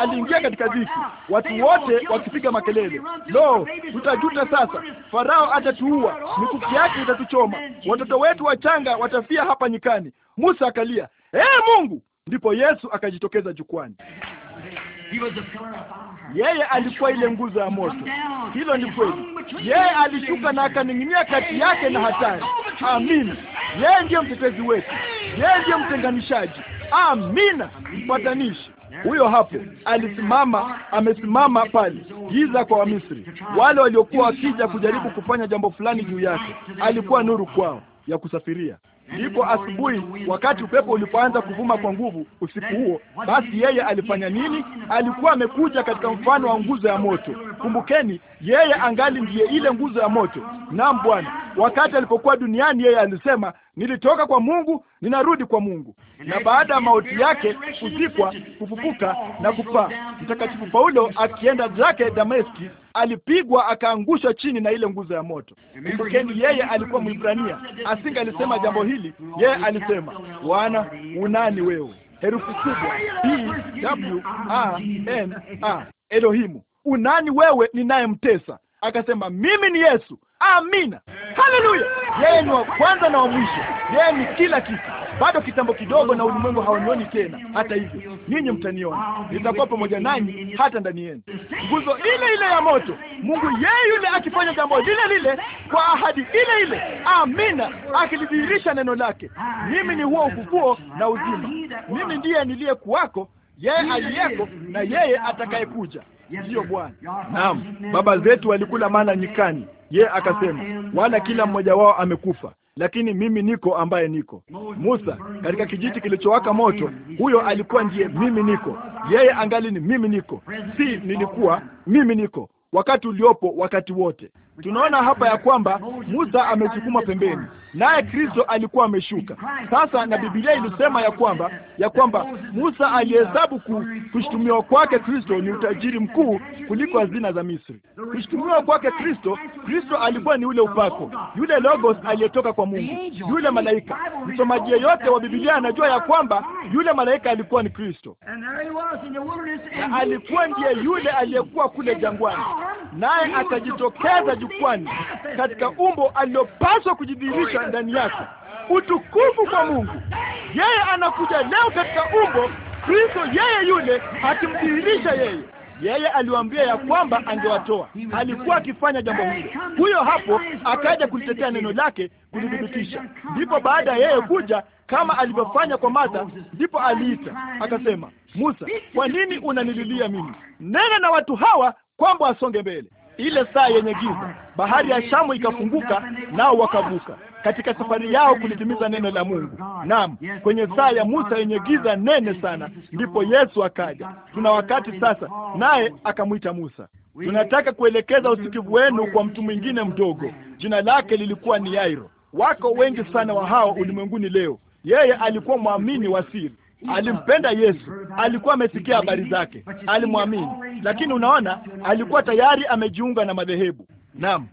aliingia katika dhiki, watu wote wakipiga makelele, lo, tutajuta sasa, Farao atatuua, mikuki yake itatuchoma, watoto wetu wachanga watafia hapa nyikani. Musa akalia, ee Mungu. Ndipo Yesu akajitokeza jukwani. Yeye alikuwa ile nguzo ya moto, hilo ni kweli. Yeye alishuka na akaning'inia kati yake na hatari. Amina. Yeye ndiyo mtetezi wetu, yeye ndiyo mtenganishaji. Amina, mpatanishi huyo hapo alisimama, amesimama pale, giza kwa Wamisri wale waliokuwa wakija kujaribu kufanya jambo fulani juu yake. Alikuwa nuru kwao ya kusafiria. Ndipo asubuhi, wakati upepo ulipoanza kuvuma kwa nguvu usiku huo, basi yeye alifanya nini? Alikuwa amekuja katika mfano wa nguzo ya moto. Kumbukeni, yeye angali ndiye ile nguzo ya moto. Naam Bwana, wakati alipokuwa duniani, yeye alisema Nilitoka kwa Mungu, ninarudi kwa Mungu. Na baada ya mauti yake, kuzikwa, kufufuka na kupaa, Mtakatifu Paulo akienda zake Dameski, alipigwa akaangushwa chini na ile nguzo ya moto. Kumbukeni, yeye alikuwa Mwibrania, asinge alisema jambo hili. Yeye alisema, Bwana, unani wewe? Herufi kubwa P W A N A, Elohimu, unani wewe ninayemtesa? akasema mimi ni Yesu. Amina, haleluya! Yeye ni wa kwanza na wa mwisho, yeye ni kila kitu. Bado kitambo kidogo na ulimwengu hawanioni tena, hata hivyo ninyi mtaniona, nitakuwa pamoja nanyi hata ndani yenu. Nguzo ile ile ya moto, Mungu yeye yule akifanya jambo lile lile kwa ahadi ile ile, amina, akilidhihirisha neno lake. Mimi ni huo ufufuo na uzima, mimi ndiye niliyekuwako yeye aliyeko na yeye atakayekuja. Ndiyo Bwana. Naam, baba zetu walikula mana nyikani, yeye akasema, wala kila mmoja wao amekufa lakini mimi niko ambaye niko. Musa katika kijiti kilichowaka moto, huyo alikuwa ndiye mimi niko. Yeye angali ni mimi niko, si nilikuwa, mimi niko, wakati uliopo, wakati wote. Tunaona hapa ya kwamba Musa amesukumwa pembeni, naye Kristo alikuwa ameshuka. Sasa na Biblia ilisema ya kwamba ya kwamba Musa alihesabu ku, kushutumiwa kwake Kristo ni utajiri mkuu kuliko hazina za Misri. Kushutumiwa kwake Kristo, Kristo alikuwa ni ule upako, yule logos aliyetoka kwa Mungu, yule malaika. Msomaji yeyote wa Biblia anajua ya kwamba yule malaika alikuwa ni Kristo, alikuwa ndiye yule aliyekuwa kule jangwani, naye akajitokeza jangwani, katika umbo alilopaswa kujidhihirisha ndani yake. Utukufu kwa Mungu! Yeye anakuja leo katika umbo Kristo, yeye yule akimdhihirisha yeye yeye aliwaambia ya kwamba angewatoa. Alikuwa akifanya jambo hilo. Huyo hapo akaja kulitetea neno lake, kulithibitisha. Ndipo baada ya yeye kuja kama alivyofanya kwa Martha, ndipo aliita akasema, Musa, kwa nini unanililia mimi? Nena na watu hawa kwamba wasonge mbele ile saa yenye giza, bahari ya Shamu ikafunguka, nao wakavuka katika safari yao kulitimiza neno la Mungu. Naam, kwenye saa ya Musa yenye giza nene sana, ndipo Yesu akaja. Tuna wakati sasa, naye akamwita Musa. Tunataka kuelekeza usikivu wenu kwa mtu mwingine mdogo, jina lake lilikuwa ni Yairo. Wako wengi sana wa hao ulimwenguni leo. Yeye alikuwa mwamini wa siri alimpenda Yesu, alikuwa amesikia habari zake, alimwamini. Lakini unaona, alikuwa tayari amejiunga na madhehebu. Naam,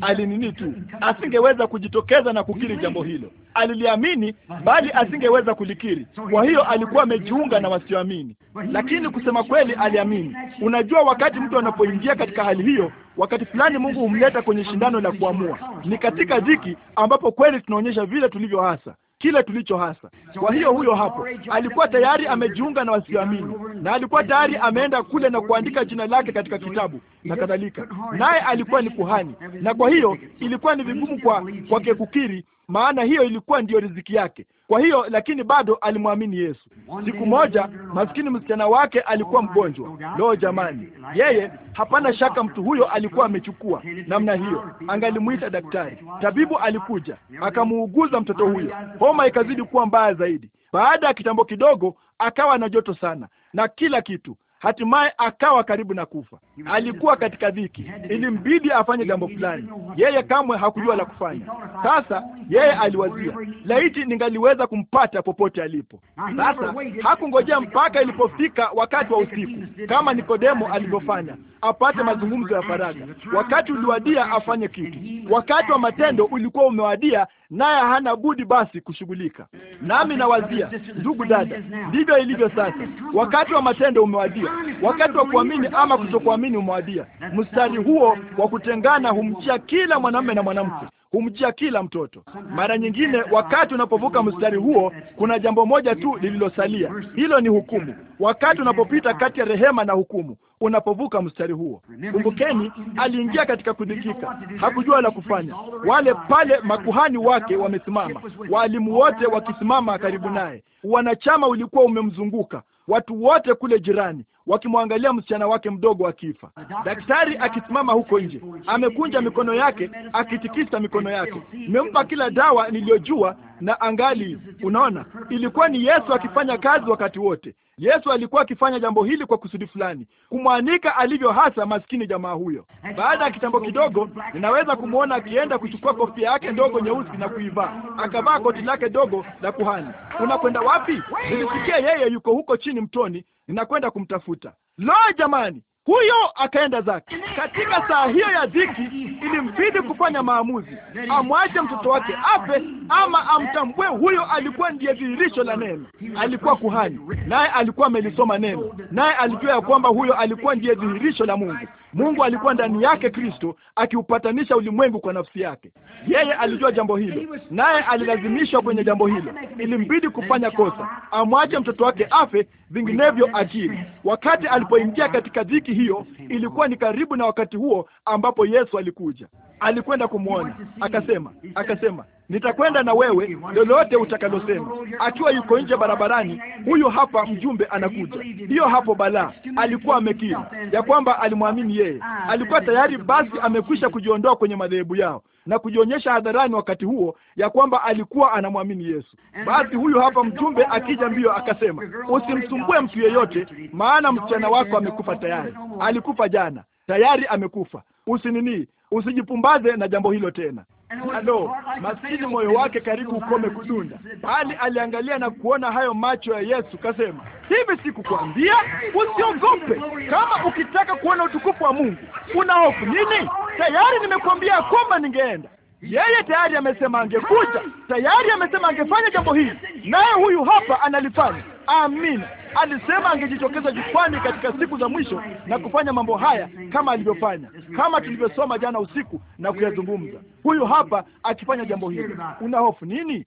alinini tu, asingeweza kujitokeza na kukiri jambo hilo. Aliliamini bali asingeweza kulikiri, kwa hiyo alikuwa amejiunga na wasioamini. Lakini kusema kweli, aliamini. Unajua, wakati mtu anapoingia katika hali hiyo, wakati fulani Mungu humleta kwenye shindano la kuamua. Ni katika dhiki ambapo kweli tunaonyesha vile tulivyo hasa kile tulicho hasa. Kwa hiyo huyo hapo alikuwa tayari amejiunga na wasioamini, na alikuwa tayari ameenda kule na kuandika jina lake katika kitabu na kadhalika, naye alikuwa ni kuhani, na kwa hiyo ilikuwa ni vigumu kwa kwake kukiri, maana hiyo ilikuwa ndiyo riziki yake. Kwa hiyo lakini bado alimwamini Yesu. Siku moja maskini msichana wake alikuwa mgonjwa. Loo jamani, yeye hapana shaka mtu huyo alikuwa amechukua namna hiyo, angalimwita daktari. Tabibu alikuja akamuuguza mtoto huyo, homa ikazidi kuwa mbaya zaidi. Baada ya kitambo kidogo, akawa na joto sana na kila kitu hatimaye akawa karibu na kufa. Alikuwa katika dhiki, ilimbidi afanye jambo fulani, yeye kamwe hakujua la kufanya. Sasa yeye aliwazia, laiti ningaliweza kumpata popote alipo. Sasa hakungojea mpaka ilipofika wakati wa usiku, kama Nikodemo alivyofanya, apate mazungumzo ya faragha. Wakati uliwadia afanye kitu, wakati wa matendo ulikuwa umewadia, naye hana budi basi kushughulika. Nami nawazia, ndugu dada, ndivyo ilivyo sasa, wakati wa matendo umewadia Wakati wa kuamini ama kutokuamini umewadia. Mstari huo wa kutengana humjia kila mwanamume na mwanamke, humjia kila mtoto. Mara nyingine, wakati unapovuka mstari huo, kuna jambo moja tu lililosalia, hilo ni hukumu. Wakati unapopita kati ya rehema na hukumu, unapovuka mstari huo, kumbukeni, aliingia katika kudhikika, hakujua la kufanya. Wale pale makuhani wake wamesimama, waalimu wote wakisimama karibu naye, wanachama ulikuwa umemzunguka, watu wote kule jirani wakimwangalia msichana wake mdogo akifa. Daktari akisimama huko nje, amekunja mikono yake, akitikisa mikono yake. Nimempa kila dawa niliyojua na angali. Unaona, ilikuwa ni Yesu akifanya kazi wakati wote. Yesu alikuwa akifanya jambo hili kwa kusudi fulani, kumwanika alivyo hasa maskini jamaa huyo. Baada ya kitambo kidogo, ninaweza kumwona akienda kuchukua kofia yake ndogo nyeusi na kuivaa, akavaa koti lake dogo la kuhani. Unakwenda wapi? Nilisikia yeye yuko huko chini mtoni, ninakwenda kumtafuta. Lo, jamani, huyo akaenda zake. Katika saa hiyo ya dhiki, ilimbidi kufanya maamuzi, amwache mtoto wake afe ama amtambue. Huyo alikuwa ndiye dhihirisho la neno. Alikuwa kuhani, naye alikuwa amelisoma neno, naye alijua ya kwamba huyo alikuwa ndiye dhihirisho la Mungu. Mungu alikuwa ndani yake Kristo akiupatanisha ulimwengu kwa nafsi yake. Yeye alijua jambo hilo, naye alilazimishwa kwenye jambo hilo. Ilimbidi kufanya kosa, amwache mtoto wake afe, vinginevyo ajili. Wakati alipoingia katika dhiki hiyo, ilikuwa ni karibu na wakati huo ambapo Yesu alikuja, alikwenda kumwona, akasema akasema nitakwenda na wewe lolote utakalosema. Akiwa yuko nje barabarani, huyu hapa mjumbe anakuja. Hiyo hapo balaa, alikuwa amekiri ya kwamba alimwamini yeye, alikuwa tayari basi amekwisha kujiondoa kwenye madhehebu yao na kujionyesha hadharani wakati huo ya kwamba alikuwa anamwamini Yesu. Basi huyu hapa mjumbe akija mbio akasema, usimsumbue mtu yeyote, maana msichana wako amekufa tayari, alikufa jana tayari, amekufa usinini, usijipumbaze na jambo hilo tena. Alo, maskini moyo wake karibu ukome kudunda, bali aliangalia na kuona hayo macho ya Yesu, kasema hivi, sikukwambia usiogope? Kama ukitaka kuona utukufu wa Mungu una hofu nini? Tayari nimekuambia kwamba ningeenda yeye tayari amesema angekuja, tayari amesema angefanya jambo hili, naye huyu hapa analifanya. Amina. Alisema angejitokeza jukwani katika siku za mwisho na kufanya mambo haya kama alivyofanya, kama tulivyosoma jana usiku na kuyazungumza. Huyu hapa akifanya jambo hili. Una hofu nini?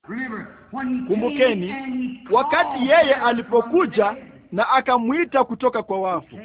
Kumbukeni wakati yeye alipokuja na akamwita kutoka kwa wafu,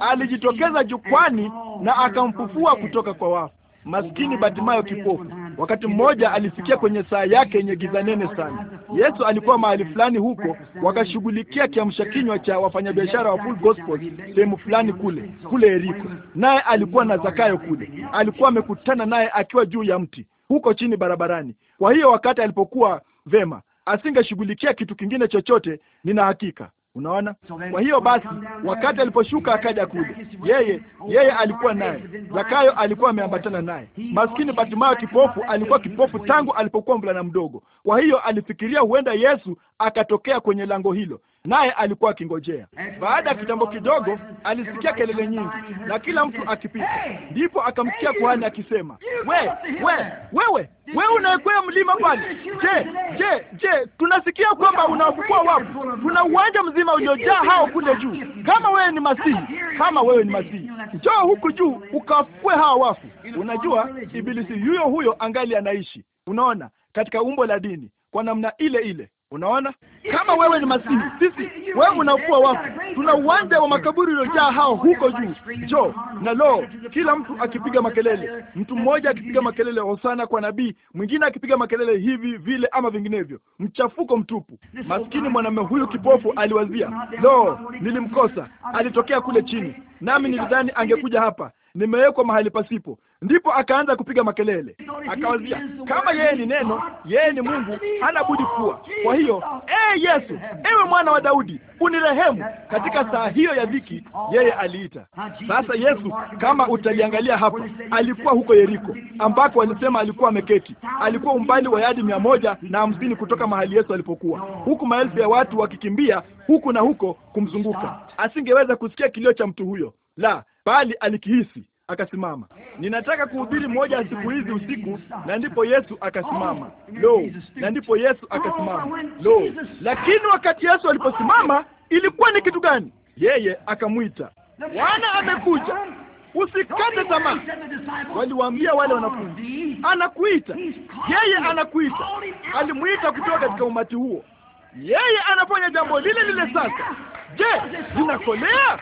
alijitokeza jukwani na akamfufua kutoka kwa wafu. Maskini Batimayo kipofu Wakati mmoja alifikia kwenye saa yake yenye giza nene sana. Yesu alikuwa mahali fulani huko, wakashughulikia kiamsha kinywa cha wafanyabiashara wa Full Gospel sehemu fulani kule kule Yeriko, naye alikuwa na Zakayo kule. Alikuwa amekutana naye akiwa juu ya mti huko chini barabarani. Kwa hiyo wakati alipokuwa vema, asingeshughulikia kitu kingine chochote, nina hakika Unaona? Kwa hiyo basi, wakati aliposhuka akaja kuja, yeye yeye alikuwa naye, Zakayo alikuwa ameambatana naye. Maskini Bartimayo kipofu alikuwa kipofu tangu alipokuwa mvulana mdogo. Kwa hiyo alifikiria huenda Yesu akatokea kwenye lango hilo, naye alikuwa akingojea. Baada ya kitambo kidogo, alisikia kelele nyingi na kila mtu akipita, ndipo akamsikia kuhani akisema, we we wewe wewe unayekwea mlima pale, je je je, tunasikia kwamba unaofukua wafu. Kuna uwanja mzima uliojaa hao kule juu. Kama wewe ni Masihi, kama wewe ni Masihi, njoo huku juu ukafue hawa wafu. Unajua, Ibilisi yuyo huyo angali anaishi, unaona, katika umbo la dini kwa namna ile ile. Unaona, kama wewe ni Masihi, sisi wewe unakuwa wapi? Tuna uwanja wa makaburi uliojaa hao huko juu, jo na lo, kila mtu akipiga makelele, mtu mmoja akipiga makelele hosana kwa nabii, mwingine akipiga makelele hivi vile ama vinginevyo, mchafuko mtupu. Maskini mwanamume huyu kipofu aliwazia, lo, nilimkosa. Alitokea kule chini, nami nilidhani angekuja hapa, nimewekwa mahali pasipo Ndipo akaanza kupiga makelele, akawazia kama yeye ni neno, yeye ni Mungu, hana budi kuwa. Kwa hiyo ee Yesu, ewe mwana wa Daudi, unirehemu. Katika saa hiyo ya dhiki, yeye aliita. Sasa Yesu, kama utaliangalia hapa, alikuwa huko Yeriko ambako alisema alikuwa ameketi. Alikuwa umbali wa yadi mia moja na hamsini kutoka mahali Yesu alipokuwa, huku maelfu ya watu wakikimbia huku na huko kumzunguka. Asingeweza kusikia kilio cha mtu huyo, la bali alikihisi akasimama. Ninataka kuhubiri moja ya siku hizi usiku, na ndipo Yesu akasimama. Lo, na ndipo Yesu akasimama. Lo, lakini wakati Yesu aliposimama ilikuwa ni kitu gani? Yeye akamwita, Bwana amekuja, usikate tamaa. Waliwaambia wale wanafunzi, anakuita yeye, anakuita. Alimwita kutoka katika umati huo. Yeye anafanya jambo lile lile sasa. Je, linakolea?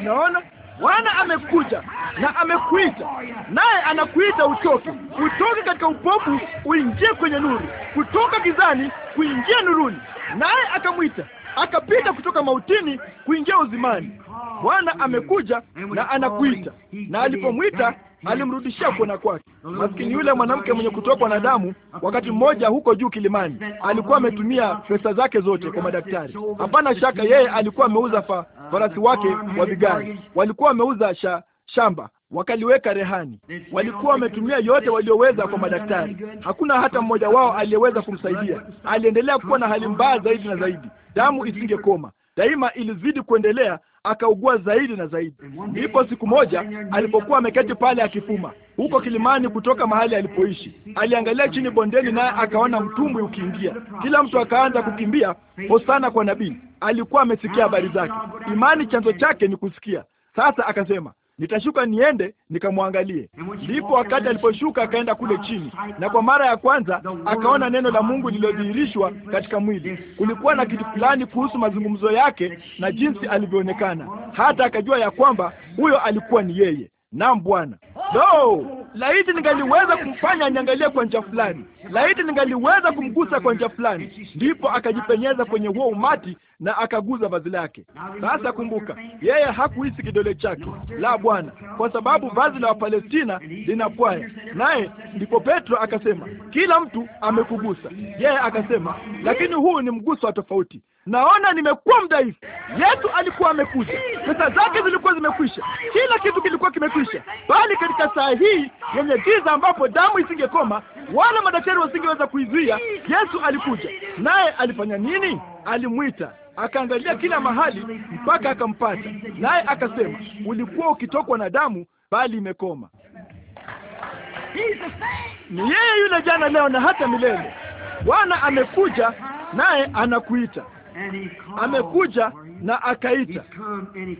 Unaona, Bwana amekuja na amekuita, naye anakuita utoke, utoke katika upofu uingie kwenye nuru, kutoka gizani kuingia nuruni. Naye akamwita, akapita kutoka mautini kuingia uzimani. Bwana amekuja na anakuita, na alipomwita alimrudishia kuona kwake. Maskini yule mwanamke mwenye kutokwa na damu, wakati mmoja huko juu kilimani, alikuwa ametumia pesa zake zote kwa madaktari. Hapana shaka yeye alikuwa ameuza fa farasi wake wa vigari, walikuwa wameuza sha shamba wakaliweka rehani. Walikuwa wametumia yote walioweza kwa madaktari. Hakuna hata mmoja wao aliyeweza kumsaidia. Aliendelea kuwa na hali mbaya zaidi na zaidi, damu isingekoma, daima ilizidi kuendelea akaugua zaidi na zaidi. Ndipo siku moja alipokuwa ameketi pale akifuma huko kilimani kutoka mahali alipoishi, aliangalia chini bondeni, naye akaona mtumbwi ukiingia. Kila mtu akaanza kukimbia. Hosana kwa nabii! Alikuwa amesikia habari zake. Imani chanzo chake ni kusikia. Sasa akasema nitashuka niende nikamwangalie. Ndipo wakati aliposhuka akaenda kule chini, na kwa mara ya kwanza akaona neno la Mungu lililodhihirishwa katika mwili. Kulikuwa na kitu fulani kuhusu mazungumzo yake na jinsi alivyoonekana, hata akajua ya kwamba huyo alikuwa ni yeye. Naam Bwana no, laiti ningaliweza kumfanya aniangalie kwa njia fulani, laiti ningaliweza kumgusa kwa njia fulani. Ndipo akajipenyeza kwenye huo umati na akaguza vazi lake. Sasa kumbuka, yeye hakuhisi kidole chake la Bwana, kwa sababu vazi la Wapalestina lina pwaya. Naye ndipo Petro akasema, kila mtu amekugusa. Yeye akasema, lakini huu ni mguso wa tofauti Naona nimekuwa mdhaifu. Yesu alikuwa amekuja, pesa zake zilikuwa zimekwisha, kila kitu kilikuwa kimekwisha, bali katika katika saa hii yenye giza, ambapo damu isingekoma wala madaktari wasingeweza kuizuia. Yesu alikuja, naye alifanya nini? Alimwita, akaangalia kila mahali mpaka akampata, naye akasema, ulikuwa ukitokwa na damu, bali imekoma. Ni yeye yule jana, leo na hata milele. Bwana amekuja, naye anakuita. Amekuja na akaita,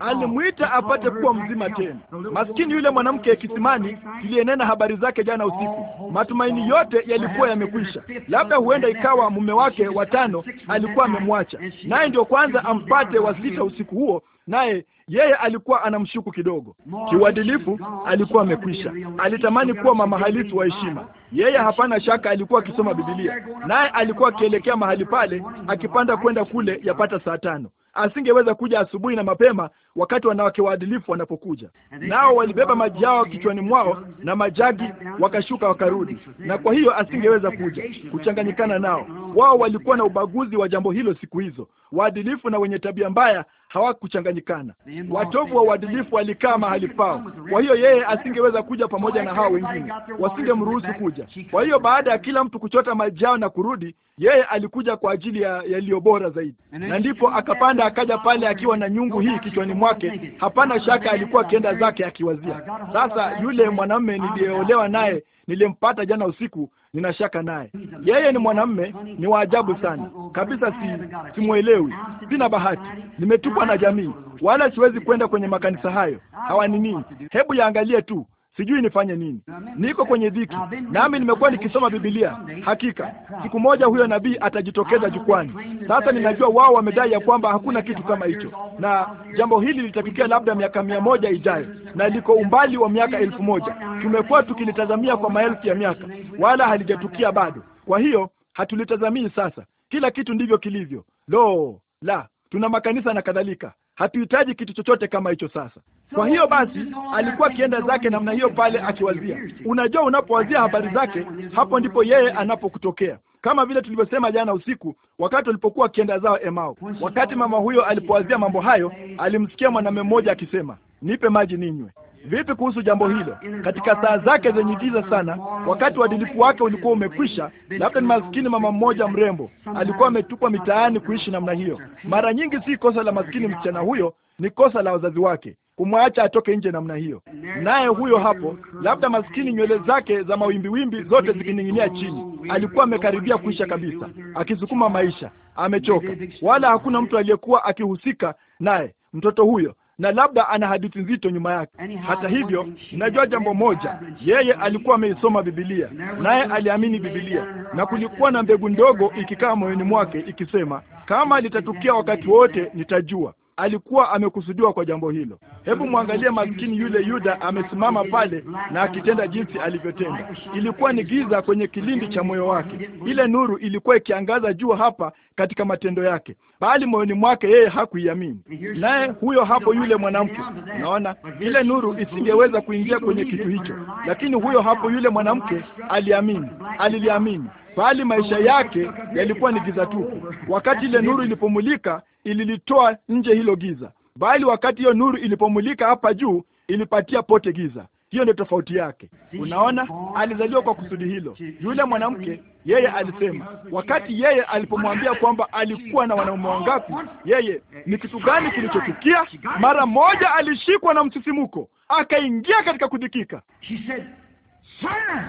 alimwita apate kuwa mzima tena. Maskini yule mwanamke kisimani tuliyenena habari zake jana usiku, matumaini yote yalikuwa yamekwisha. Labda huenda ikawa mume wake watano alikuwa amemwacha, naye ndio kwanza ampate wa sita usiku huo naye yeye alikuwa anamshuku kidogo. Kiuadilifu alikuwa amekwisha, alitamani kuwa mama halifu wa heshima. Yeye hapana shaka alikuwa akisoma bibilia naye alikuwa akielekea mahali pale, akipanda kwenda kule yapata saa tano. Asingeweza kuja asubuhi na mapema wakati wanawake waadilifu wanapokuja. Nao walibeba maji yao kichwani mwao na majagi, wakashuka wakarudi, na kwa hiyo asingeweza kuja kuchanganyikana nao. Wao walikuwa na ubaguzi wa jambo hilo siku hizo. Waadilifu na wenye tabia mbaya hawakuchanganyikana. Watovu wa uadilifu walikaa mahali pao, kwa hiyo yeye asingeweza kuja pamoja na hao wengine, wasingemruhusu kuja. Kwa hiyo baada ya kila mtu kuchota maji yao na kurudi, yeye alikuja kwa ajili ya yaliyo bora zaidi, na ndipo akapanda akaja pale akiwa na nyungu hii kichwani mwake. Hapana shaka alikuwa akienda zake akiwazia, uh, sasa yule mwanamume niliyeolewa naye niliyempata jana usiku, nina shaka naye. Yeye ni mwanamme, ni wa ajabu sana kabisa, si simwelewi. Sina bahati, nimetupwa na jamii, wala siwezi kwenda kwenye makanisa hayo nini, Hebu yaangalie tu sijui nifanye nini, niko kwenye dhiki, nami nimekuwa nikisoma Biblia. Hakika siku moja huyo nabii atajitokeza jukwani. Sasa ninajua wao wamedai ya kwamba hakuna kitu kama hicho, na jambo hili litatukia labda miaka mia moja ijayo, na liko umbali wa miaka elfu moja. Tumekuwa tukilitazamia kwa maelfu ya miaka, wala halijatukia bado. Kwa hiyo hatulitazamii sasa. Kila kitu ndivyo kilivyo. Lo la, tuna makanisa na kadhalika. Hatuhitaji kitu chochote kama hicho sasa. Kwa hiyo basi alikuwa akienda zake namna hiyo pale akiwazia. Unajua, unapowazia habari zake, hapo ndipo yeye anapokutokea kama vile tulivyosema jana usiku, wakati walipokuwa akienda zao Emau. Wakati mama huyo alipowazia mambo hayo, alimsikia mwanamume mmoja akisema, nipe maji ninywe. Vipi kuhusu jambo hilo? Katika saa zake zenye giza sana, wakati uadilifu wake ulikuwa umekwisha, labda ni maskini mama mmoja mrembo alikuwa ametupwa mitaani kuishi namna hiyo. Mara nyingi si kosa la maskini msichana huyo, ni kosa la wazazi wake kumwacha atoke nje namna hiyo. Naye huyo hapo, labda maskini, nywele zake za mawimbiwimbi zote zikining'inia chini, alikuwa amekaribia kuisha kabisa, akisukuma maisha, amechoka, wala hakuna mtu aliyekuwa akihusika naye, mtoto huyo na labda ana hadithi nzito nyuma yake. Hata hivyo, najua jambo moja, yeye alikuwa ameisoma Biblia, naye aliamini Biblia, na kulikuwa na mbegu ndogo ikikaa moyoni mwake ikisema, kama litatukia wakati wote nitajua alikuwa amekusudiwa kwa jambo hilo. Hebu mwangalie maskini yule Yuda amesimama pale na akitenda jinsi alivyotenda. Ilikuwa ni giza kwenye kilindi cha moyo wake, ile nuru ilikuwa ikiangaza jua hapa katika matendo yake, bali moyoni mwake yeye hakuiamini. Naye huyo hapo yule mwanamke, naona ile nuru isingeweza kuingia kwenye kitu hicho, lakini huyo hapo yule mwanamke aliamini, aliliamini bali maisha yake yalikuwa ni giza tupu. Wakati ile nuru ilipomulika, ililitoa nje hilo giza, bali wakati hiyo nuru ilipomulika hapa juu, ilipatia pote giza. Hiyo ndio tofauti yake. Unaona, alizaliwa kwa kusudi hilo. Yule mwanamke yeye alisema, wakati yeye alipomwambia kwamba alikuwa na wanaume wangapi, yeye ni kitu gani kilichotukia? Mara moja alishikwa na msisimuko, akaingia katika kudhikika.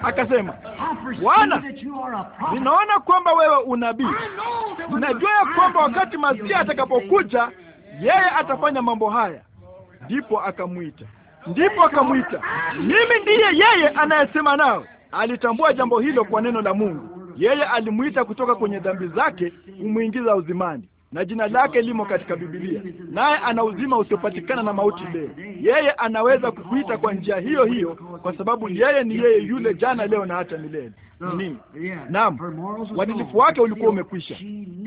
Akasema, Bwana, ninaona kwamba wewe unabii. Najua ya kwamba wakati Masia atakapokuja yeye atafanya mambo haya. Ndipo akamwita, ndipo akamwita, mimi ndiye yeye anayesema nao. Alitambua jambo hilo kwa neno la Mungu. Yeye alimwita kutoka kwenye dhambi zake, kumwingiza uzimani na jina lake limo katika Biblia, naye ana uzima usiopatikana na mauti leo. Yeye anaweza kukuita kwa njia hiyo hiyo, kwa sababu yeye ni yeye yule jana, leo na hata milele. Nini? Naam, uadilifu wake ulikuwa umekwisha,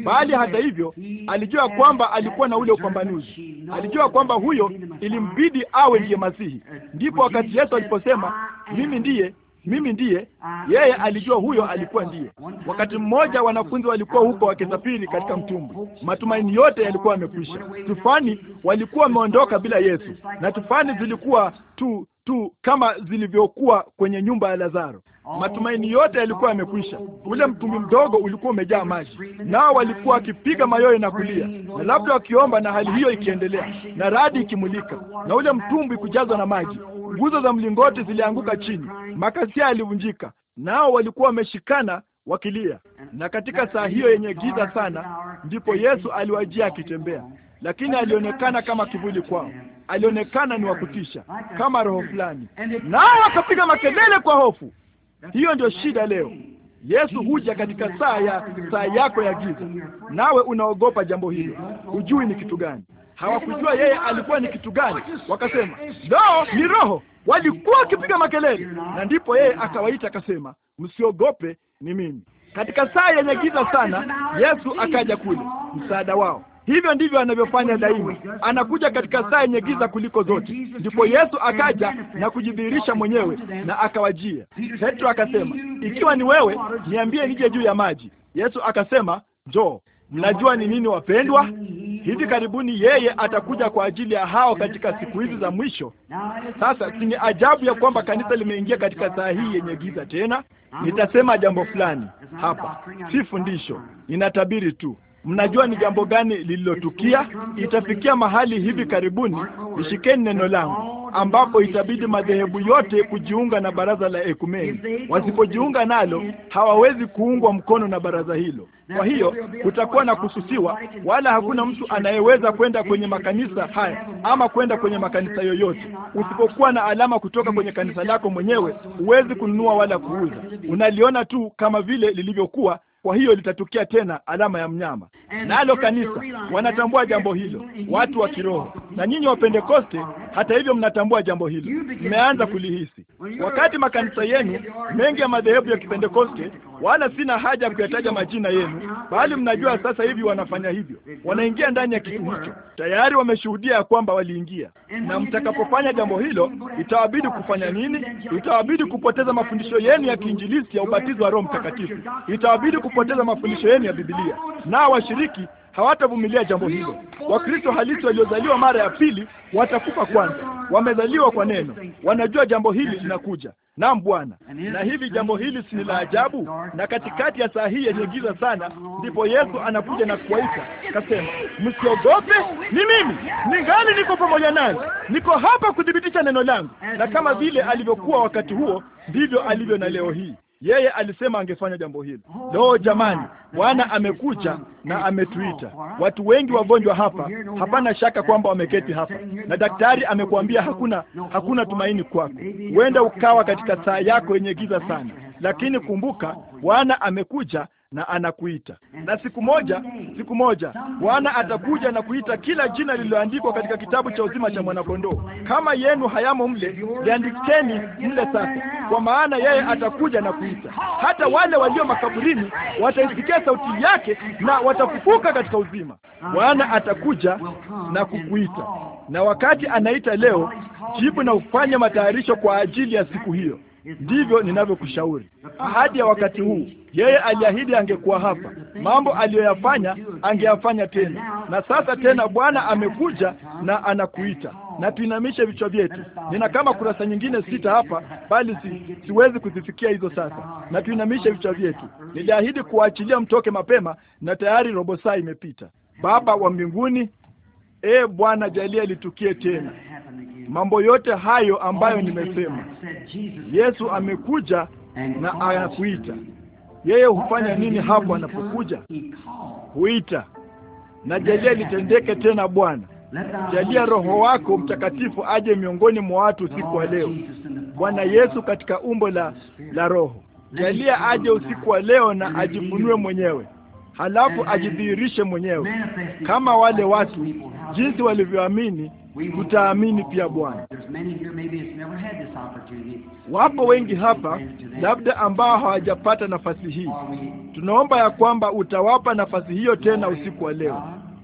bali hata hivyo alijua kwamba alikuwa na ule upambanuzi. Alijua kwamba huyo ilimbidi awe ndiye Masihi, ndipo wakati Yesu aliposema mimi ndiye mimi ndiye yeye. Alijua huyo alikuwa ndiye. Wakati mmoja wanafunzi walikuwa huko wakisafiri katika mtumbwi, matumaini yote yalikuwa yamekwisha. Tufani walikuwa wameondoka bila Yesu, na tufani zilikuwa tu tu kama zilivyokuwa kwenye nyumba ya Lazaro. Matumaini yote yalikuwa yamekwisha. Ule mtumbwi mdogo ulikuwa umejaa maji, nao walikuwa wakipiga mayoyo na kulia na labda wakiomba, na hali hiyo ikiendelea na radi ikimulika na ule mtumbwi kujazwa na maji. Nguzo za mlingoti zilianguka chini, makasia yalivunjika, nao walikuwa wameshikana wakilia. Na katika saa hiyo yenye giza sana, ndipo Yesu aliwajia akitembea, lakini alionekana kama kivuli kwao alionekana ni wakutisha kama roho fulani, nao wakapiga makelele kwa hofu, hiyo ndio shida leo. Yesu huja katika saa ya saa yako ya giza, nawe unaogopa jambo hilo, hujui ni kitu gani. Hawakujua yeye alikuwa ni kitu gani, wakasema no, ni roho. Walikuwa wakipiga makelele, na ndipo yeye akawaita akasema, msiogope, ni mimi. Katika saa yenye giza sana, Yesu akaja kule msaada wao. Hivyo ndivyo anavyofanya daima, anakuja katika saa yenye giza kuliko zote. Ndipo Yesu akaja na kujidhihirisha mwenyewe na akawajia. Petro akasema, ikiwa ni wewe, niambie nije juu ya maji. Yesu akasema, njoo. Mnajua ni nini wapendwa? Hivi karibuni yeye atakuja kwa ajili ya hao katika siku hizi za mwisho. Sasa si ni ajabu ya kwamba kanisa limeingia katika saa hii yenye giza tena? Nitasema jambo fulani hapa, si fundisho, ninatabiri tu mnajua ni jambo gani lililotukia. Itafikia mahali hivi karibuni, ishikeni neno langu, ambapo itabidi madhehebu yote kujiunga na baraza la ekumeni. Wasipojiunga nalo, hawawezi kuungwa mkono na baraza hilo. Kwa hiyo kutakuwa na kususiwa, wala hakuna mtu anayeweza kwenda kwenye makanisa haya ama kwenda kwenye makanisa yoyote. Usipokuwa na alama kutoka kwenye kanisa lako mwenyewe, huwezi kununua wala kuuza. Unaliona tu kama vile lilivyokuwa kwa hiyo litatokea tena alama ya mnyama, nalo na kanisa wanatambua jambo hilo, watu wa kiroho. Na nyinyi wa hata hivyo, mnatambua jambo hilo, mmeanza kulihisi. Wakati makanisa yenu mengi ya madhehebu ya Kipentekoste, wala sina haja ya kuyataja majina yenu, bali mnajua sasa hivi wanafanya hivyo, wanaingia ndani ya kitu hicho, tayari wameshuhudia ya kwamba waliingia. Na mtakapofanya jambo hilo, itawabidi kufanya nini? Itawabidi kupoteza mafundisho yenu ya kiinjilisti ya ubatizo wa Roho Mtakatifu, itawabidi kupoteza mafundisho yenu ya Biblia, nao washiriki hawatavumilia jambo hilo. Wakristo halisi waliozaliwa mara ya pili watakufa kwanza. Wamezaliwa kwa neno, wanajua jambo hili linakuja. Naam Bwana, na hivi jambo hili si la ajabu? Na katikati ya saa hii yenye giza sana, ndipo Yesu anakuja na kuwaita, kasema, msiogope, ni mimi, ningali niko pamoja nanyi, niko hapa kuthibitisha neno langu. Na kama vile alivyokuwa wakati huo, ndivyo alivyo na leo hii. Yeye alisema angefanya jambo hili. Lo, oh, jamani, Bwana amekuja na ametuita. Watu wengi wagonjwa hapa, hapana shaka kwamba eh, wameketi hapa, na daktari amekuambia hakuna, hakuna tumaini kwako. Huenda ukawa katika saa yako yenye giza sana, lakini kumbuka, Bwana amekuja na anakuita. Na siku moja, siku moja Bwana atakuja na kuita kila jina lililoandikwa katika kitabu cha uzima cha mwanakondoo. Kama yenu hayamo mle, liandikeni mle sasa, kwa maana yeye atakuja na kuita. Hata wale walio makaburini wataisikia sauti yake na watafufuka katika uzima. Bwana atakuja na kukuita, na wakati anaita leo, jibu na ufanye matayarisho kwa ajili ya siku hiyo. Ndivyo ninavyokushauri. Ahadi ya wakati huu, yeye aliahidi angekuwa hapa, mambo aliyoyafanya angeyafanya tena. Na sasa tena Bwana amekuja na anakuita, na tuinamishe vichwa vyetu. Nina kama kurasa nyingine sita hapa, bali si, siwezi kuzifikia hizo sasa. Na tuinamishe vichwa vyetu. Niliahidi kuwaachilia mtoke mapema, na tayari robo saa imepita. Baba wa mbinguni, e Bwana, jalia litukie tena mambo yote hayo ambayo nimesema. Yesu amekuja na anakuita. Yeye hufanya nini hapo anapokuja? Huita. Na jalia litendeke tena Bwana. Jalia Roho wako Mtakatifu aje miongoni mwa watu usiku wa leo, Bwana Yesu katika umbo la, la Roho. Jalia aje usiku wa leo na ajifunue mwenyewe, halafu ajidhihirishe mwenyewe kama wale watu jinsi walivyoamini tutaamini pia Bwana. Wapo wengi hapa labda ambao hawajapata nafasi hii. Tunaomba ya kwamba utawapa nafasi hiyo tena usiku wa leo,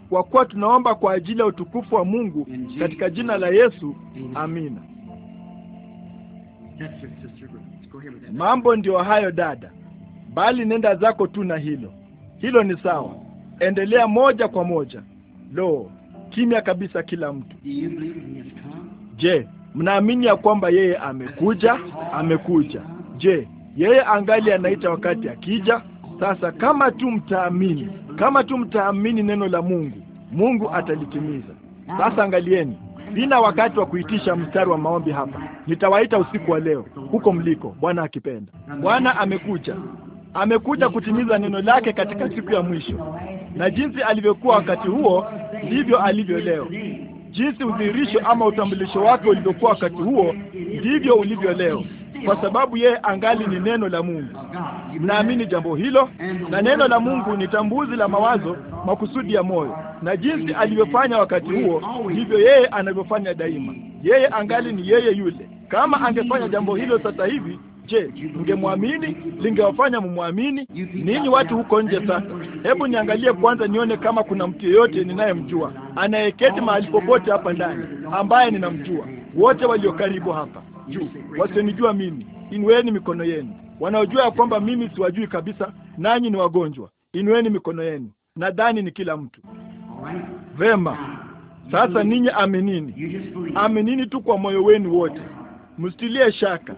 kwa kuwa tunaomba kwa ajili ya utukufu wa Mungu katika jina la Yesu, amina. Mambo ndiyo hayo dada, bali nenda zako tu na hilo. Hilo ni sawa, endelea moja kwa moja. Lo, kimya kabisa kila mtu. Je, mnaamini ya kwamba yeye amekuja? Amekuja. Je, yeye angali anaita wakati akija? Sasa kama tu mtaamini, kama tu mtaamini neno la Mungu, Mungu atalitimiza. Sasa angalieni, sina wakati wa kuitisha mstari wa maombi hapa. Nitawaita usiku wa leo huko mliko, Bwana akipenda. Bwana amekuja, amekuja kutimiza neno lake katika siku ya mwisho, na jinsi alivyokuwa wakati huo ndivyo alivyo leo. Jinsi udhihirisho ama utambulisho wake ulivyokuwa wakati huo, ndivyo ulivyo leo, kwa sababu yeye angali ni neno la Mungu. Mnaamini jambo hilo? Na neno la Mungu ni tambuzi la mawazo, makusudi ya moyo, na jinsi alivyofanya wakati huo, ndivyo yeye anavyofanya daima. Yeye angali ni yeye yule. Kama angefanya jambo hilo sasa hivi Je, mngemwamini? Lingewafanya mumwamini ninyi watu huko nje? Sasa hebu niangalie kwanza, nione kama kuna mtu yeyote ninayemjua anayeketi mahali popote hapa ndani ambaye ninamjua. Wote walio karibu hapa juu, wasionijua mimi, inueni mikono yenu. Wanaojua ya kwamba mimi siwajui kabisa, nanyi ni wagonjwa, inueni mikono yenu. Nadhani ni kila mtu. Vema, sasa ninyi aminini, aminini tu kwa moyo wenu wote, msitilie shaka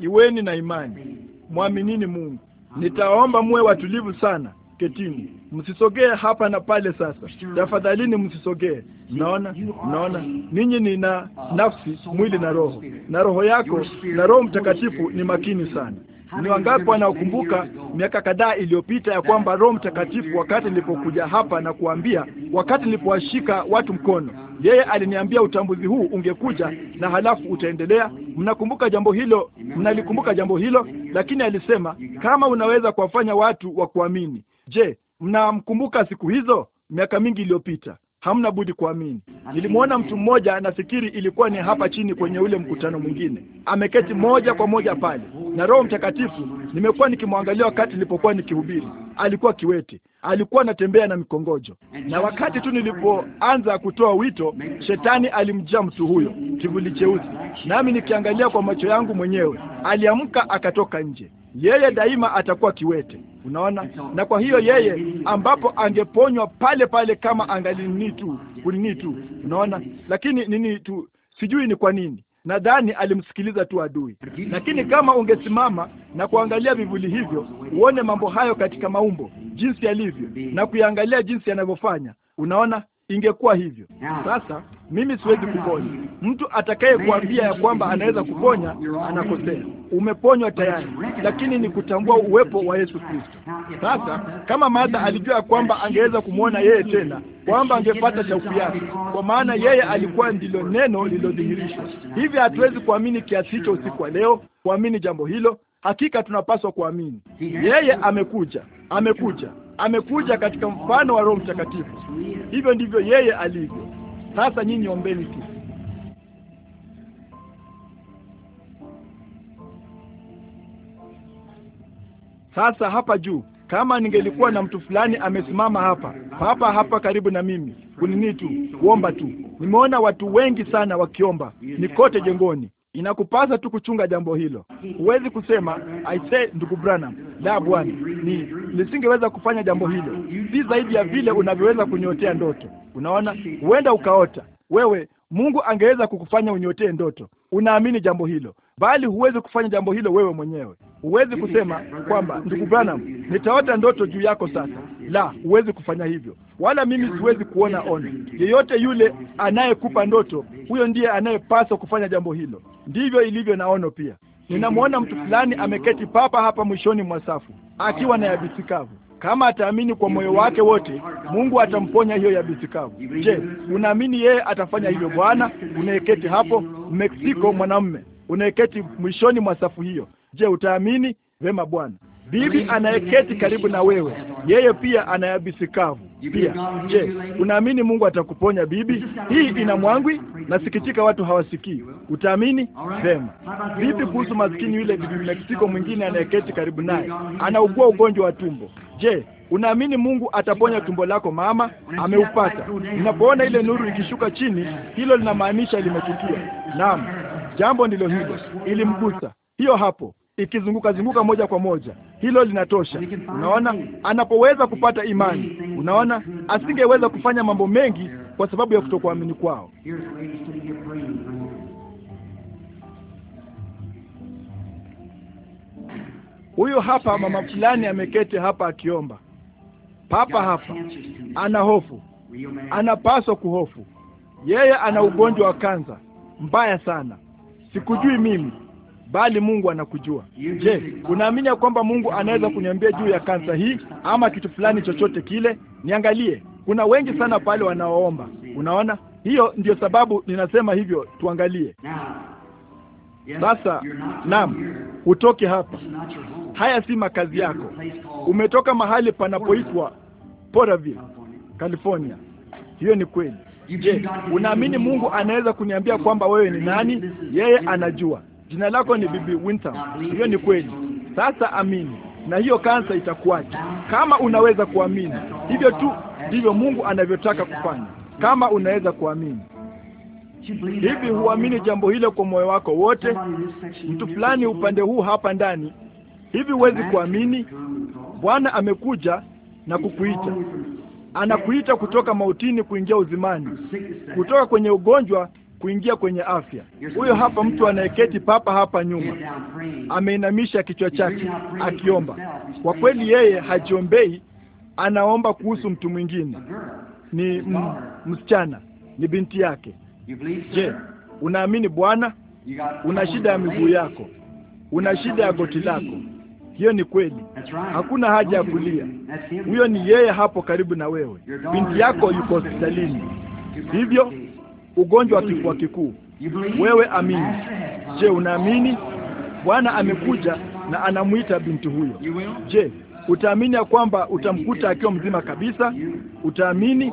iweni na imani, mwaminini Mungu. Nitaomba muwe watulivu sana. Ketini, msisogee hapa na pale. Sasa tafadhalini, msisogee. Mnaona, naona ninyi ni na nafsi, mwili na roho, na roho yako na Roho Mtakatifu ni makini sana. Ni wangapi wanaokumbuka miaka kadhaa iliyopita ya kwamba Roho Mtakatifu wakati nilipokuja hapa na kuambia, wakati nilipowashika watu mkono, yeye aliniambia utambuzi huu ungekuja na halafu utaendelea. Mnakumbuka jambo hilo? Mnalikumbuka jambo hilo? Lakini alisema kama unaweza kuwafanya watu wa kuamini. Je, mnamkumbuka siku hizo miaka mingi iliyopita? hamna budi kuamini. Nilimwona mtu mmoja, nafikiri ilikuwa ni hapa chini kwenye ule mkutano mwingine, ameketi moja kwa moja pale na Roho Mtakatifu. Nimekuwa nikimwangalia wakati nilipokuwa nikihubiri. Alikuwa kiwete, alikuwa anatembea na mikongojo, na wakati tu nilipoanza kutoa wito, shetani alimjaa mtu huyo, kivuli cheusi, nami nikiangalia kwa macho yangu mwenyewe, aliamka akatoka nje yeye daima atakuwa kiwete. Unaona, na kwa hiyo yeye ambapo angeponywa pale pale kama angalini nini tu kunini tu, unaona. Lakini nini tu, sijui ni kwa nini, nadhani alimsikiliza tu adui. Lakini kama ungesimama na kuangalia vivuli hivyo, uone mambo hayo katika maumbo jinsi yalivyo, na kuiangalia jinsi yanavyofanya, unaona, ingekuwa hivyo sasa mimi siwezi kuponya. Mtu atakayekuambia ya kwamba anaweza kuponya anakosea. Umeponywa tayari, lakini ni kutambua uwepo wa Yesu Kristo. Sasa kama Martha alijua ya kwamba angeweza kumwona yeye tena, kwamba angepata shauku yake, kwa maana yeye alikuwa ndilo neno lililodhihirishwa. Hivi hatuwezi kuamini kiasi hicho usiku wa leo, kuamini jambo hilo. Hakika tunapaswa kuamini yeye amekuja, amekuja, amekuja katika mfano wa Roho Mtakatifu. Hivyo ndivyo yeye alivyo. Sasa nyinyi ombeni tu. Sasa hapa juu, kama ningelikuwa na mtu fulani amesimama hapa hapa hapa karibu na mimi kunini tu kuomba tu, nimeona watu wengi sana wakiomba, ni kote jengoni. Inakupasa tu kuchunga jambo hilo. Huwezi kusema say, ndugu Branham, la bwana, ni nisingeweza kufanya jambo hilo, si zaidi ya vile unavyoweza kunyotea ndoto. Unaona, huenda ukaota wewe. Mungu angeweza kukufanya unyotee ndoto, unaamini jambo hilo, bali huwezi kufanya jambo hilo wewe mwenyewe. Huwezi kusema kwamba ndugu Branham, nitaota ndoto juu yako sasa. La, huwezi kufanya hivyo, wala mimi siwezi kuona ono. Yeyote yule anayekupa ndoto, huyo ndiye anayepaswa kufanya jambo hilo. Ndivyo ilivyo na ono pia. Ninamwona mtu fulani ameketi papa hapa mwishoni mwa safu akiwa na yabisi kavu. Kama ataamini kwa moyo wake wote, Mungu atamponya hiyo yabisi kavu. Je, unaamini yeye atafanya hivyo? Bwana unayeketi hapo Meksiko, mwanamume unayeketi mwishoni mwa safu hiyo, je, utaamini? Vema Bwana. Bibi anayeketi karibu na wewe, yeye pia ana yabisi kavu. Pia je, unaamini Mungu atakuponya bibi? Hii ina mwangwi. Nasikitika watu hawasikii. Utaamini vema. Vipi kuhusu maskini yule bibi Meksiko mwingine anayeketi karibu naye, anaugua ugonjwa wa tumbo? Je, unaamini Mungu ataponya tumbo lako? Mama ameupata. Unapoona ile nuru ikishuka chini, hilo linamaanisha limetukia. Naam, jambo ndilo hilo, ilimgusa. Hiyo hapo ikizunguka zunguka moja kwa moja. Hilo linatosha. Unaona, anapoweza kupata imani, unaona, asingeweza kufanya mambo mengi kwa sababu ya kutokuamini kwao. Huyo hapa mama fulani ameketi hapa akiomba, papa hapa ana hofu, anapaswa kuhofu. Yeye ana ugonjwa wa kansa mbaya sana, sikujui mimi bali Mungu anakujua. Je, unaamini ya kwamba Mungu anaweza kuniambia juu ya kansa hii ama kitu fulani chochote kile? Niangalie, kuna wengi sana pale wanaoomba. Unaona, hiyo ndiyo sababu ninasema hivyo. Tuangalie sasa. Naam, utoke hapa, haya si makazi yako. Umetoka mahali panapoitwa Poraville, California. Hiyo ni kweli. Je, unaamini Mungu anaweza kuniambia kwamba wewe ni nani? Yeye anajua jina lako ni Bibi Winter. Hiyo ni kweli. Sasa amini, na hiyo kansa itakuacha kama unaweza kuamini. Hivyo tu ndivyo Mungu anavyotaka kufanya, kama unaweza kuamini. Hivi huamini jambo hilo kwa moyo wako wote? Mtu fulani upande huu hapa ndani, hivi huwezi kuamini? Bwana amekuja na kukuita, anakuita kutoka mautini kuingia uzimani, kutoka kwenye ugonjwa kuingia kwenye afya. Huyo hapa mtu anayeketi papa hapa nyuma ameinamisha kichwa chake akiomba. Kwa kweli, yeye hajiombei, anaomba kuhusu mtu mwingine. Ni msichana, ni binti yake. Je, unaamini Bwana? Una shida ya miguu yako, una shida ya goti lako. Hiyo ni kweli, hakuna haja ya kulia. Huyo ni yeye hapo karibu na wewe. Binti yako yuko hospitalini, hivyo ugonjwa wa kifua kikuu. Wewe amini. Je, unaamini? Bwana amekuja na anamwita binti huyo. Je, utaamini ya kwamba utamkuta akiwa mzima kabisa? Utaamini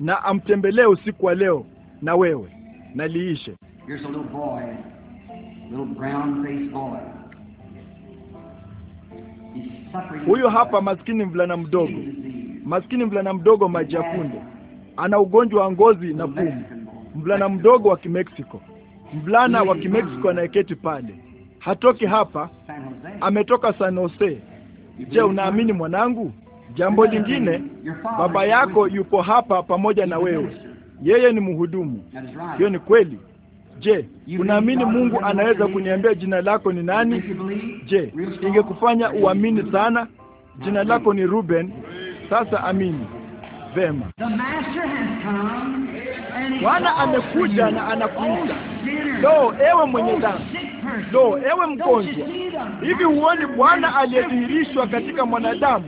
na amtembelee usiku wa leo na wewe na liishe. Huyo hapa maskini mvulana mdogo, maskini mvulana mdogo maji ya kunde, ana ugonjwa wa ngozi na pumu mvulana mdogo wa Kimeksiko, mvulana wa Kimeksiko anayeketi pale, hatoki hapa, ametoka San Jose. Je, unaamini mwanangu? Jambo lingine, baba yako yupo hapa pamoja na wewe, yeye ni mhudumu. Hiyo ni kweli. Je, unaamini Mungu anaweza kuniambia jina lako ni nani? Je, ingekufanya uamini sana? Jina lako ni Ruben. Sasa amini vema. Bwana amekuja na anakuita, lo, ewe mwenye dhambi, lo, ewe mgonjwa. Hivi huoni Bwana aliyedhihirishwa katika mwanadamu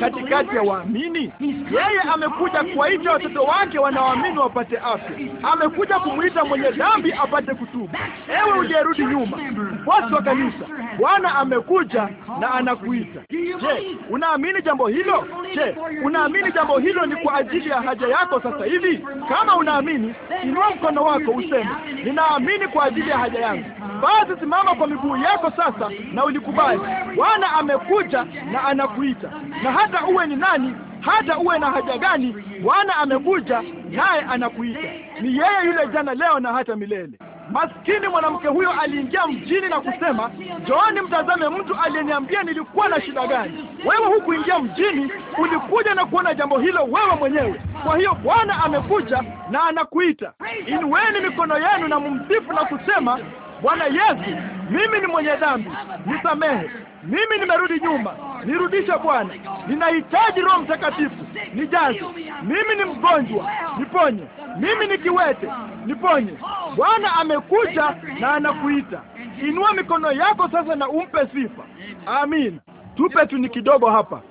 katikati ya waamini? Yeye amekuja kuwaita watoto wake wanaoamini wapate afya. Amekuja kumwita mwenye dhambi apate kutubu. Ewe uliyerudi nyuma, mfuasi wa kanisa, Bwana amekuja na anakuita. Je, unaamini jambo hilo? Je, unaamini jambo hilo ni kwa ajili ya haja yako sasa hivi? Kama unaamini, inua mkono wako useme, ninaamini kwa ajili ya haja yangu. Basi simama kwa miguu yako sasa na ulikubali. Bwana amekuja na anakuita, na hata uwe ni nani hata uwe na haja gani, Bwana amekuja naye anakuita. Ni yeye yule jana, leo na hata milele. Maskini mwanamke huyo aliingia mjini na kusema, njooni mtazame mtu aliyeniambia nilikuwa na shida gani. Wewe hukuingia mjini, ulikuja na kuona jambo hilo wewe mwenyewe. Kwa hiyo Bwana amekuja na anakuita. Inueni mikono yenu na mumsifu na kusema, Bwana Yesu, mimi ni mwenye dhambi, nisamehe. Mimi nimerudi nyuma, nirudishe Bwana. Ninahitaji Roho Mtakatifu, nijaze. Mimi ni mgonjwa, niponye. Mimi ni kiwete, niponye. Bwana amekuja na anakuita. Inua mikono yako sasa na umpe sifa. amin Tupe tu ni kidogo hapa.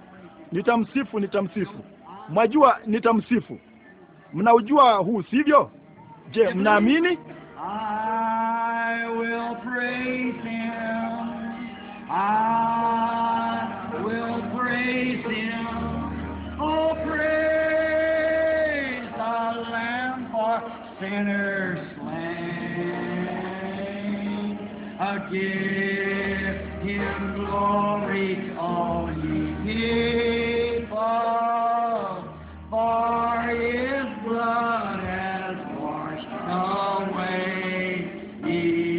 Nitamsifu, nitamsifu. Mwajua nitamsifu. Mnaujua huu, sivyo? Je, mnaamini? sinner slain. a gift him glory, all ye people, for his blood has washed away ye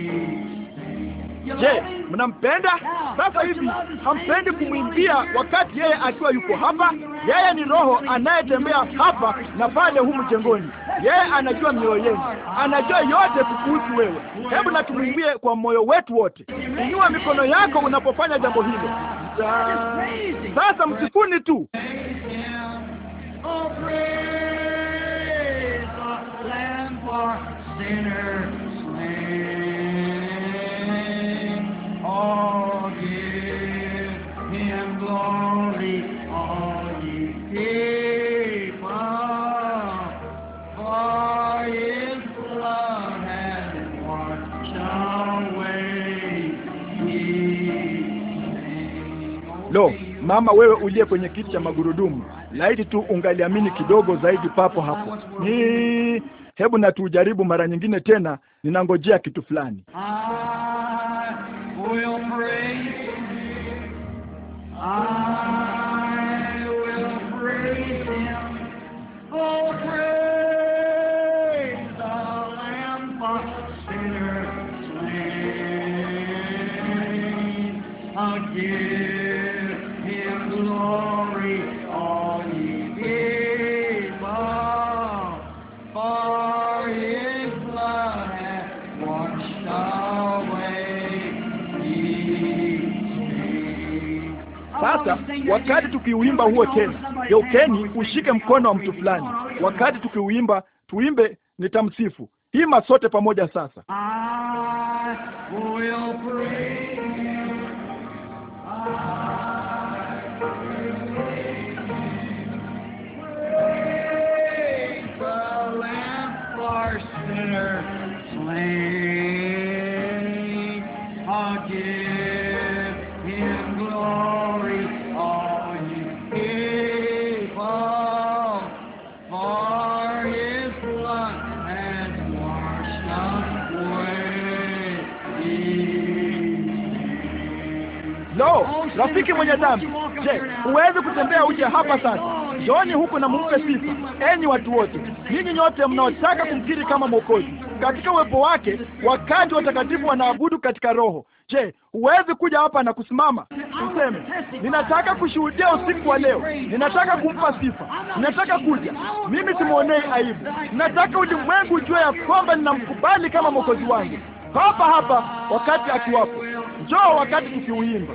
Je, mnampenda? Sasa hivi hampendi kumwimbia wakati yeye akiwa yuko hapa? Yeye ni Roho anayetembea hapa na pale humu jengoni. Yeye anajua mioyo yenu, anajua yote kukuhusu wewe. Hebu na tumwimbie kwa moyo wetu wote. Inua mikono yako unapofanya jambo hilo. Sasa msifuni tu Sinner slain. Mama wewe uliye kwenye kiti cha magurudumu, laiti tu ungaliamini kidogo zaidi, papo hapo ni hebu na tujaribu mara nyingine tena. Ninangojea kitu fulani. Wakati tukiuimba huo tena, geukeni ushike mkono wa mtu fulani. Wakati tukiuimba, tuimbe nitamsifu. Hima sote pamoja sasa. Ah, Rafiki mwenye dhambi, je, huwezi kutembea uje hapa sasa? njoni huku na mumpe sifa, enyi watu wote, ninyi nyote mnaotaka kumkiri kama Mwokozi katika uwepo wake, wakati watakatifu wanaabudu katika Roho. Je, huwezi kuja hapa na kusimama useme, ninataka kushuhudia usiku wa leo, ninataka kumpa sifa, ninataka kuja, mimi simwonei aibu, ninataka ulimwengu ujue ya kwamba ninamkubali kama mwokozi wangu, papa hapa wakati akiwapo. Njoo wakati tukiuimba.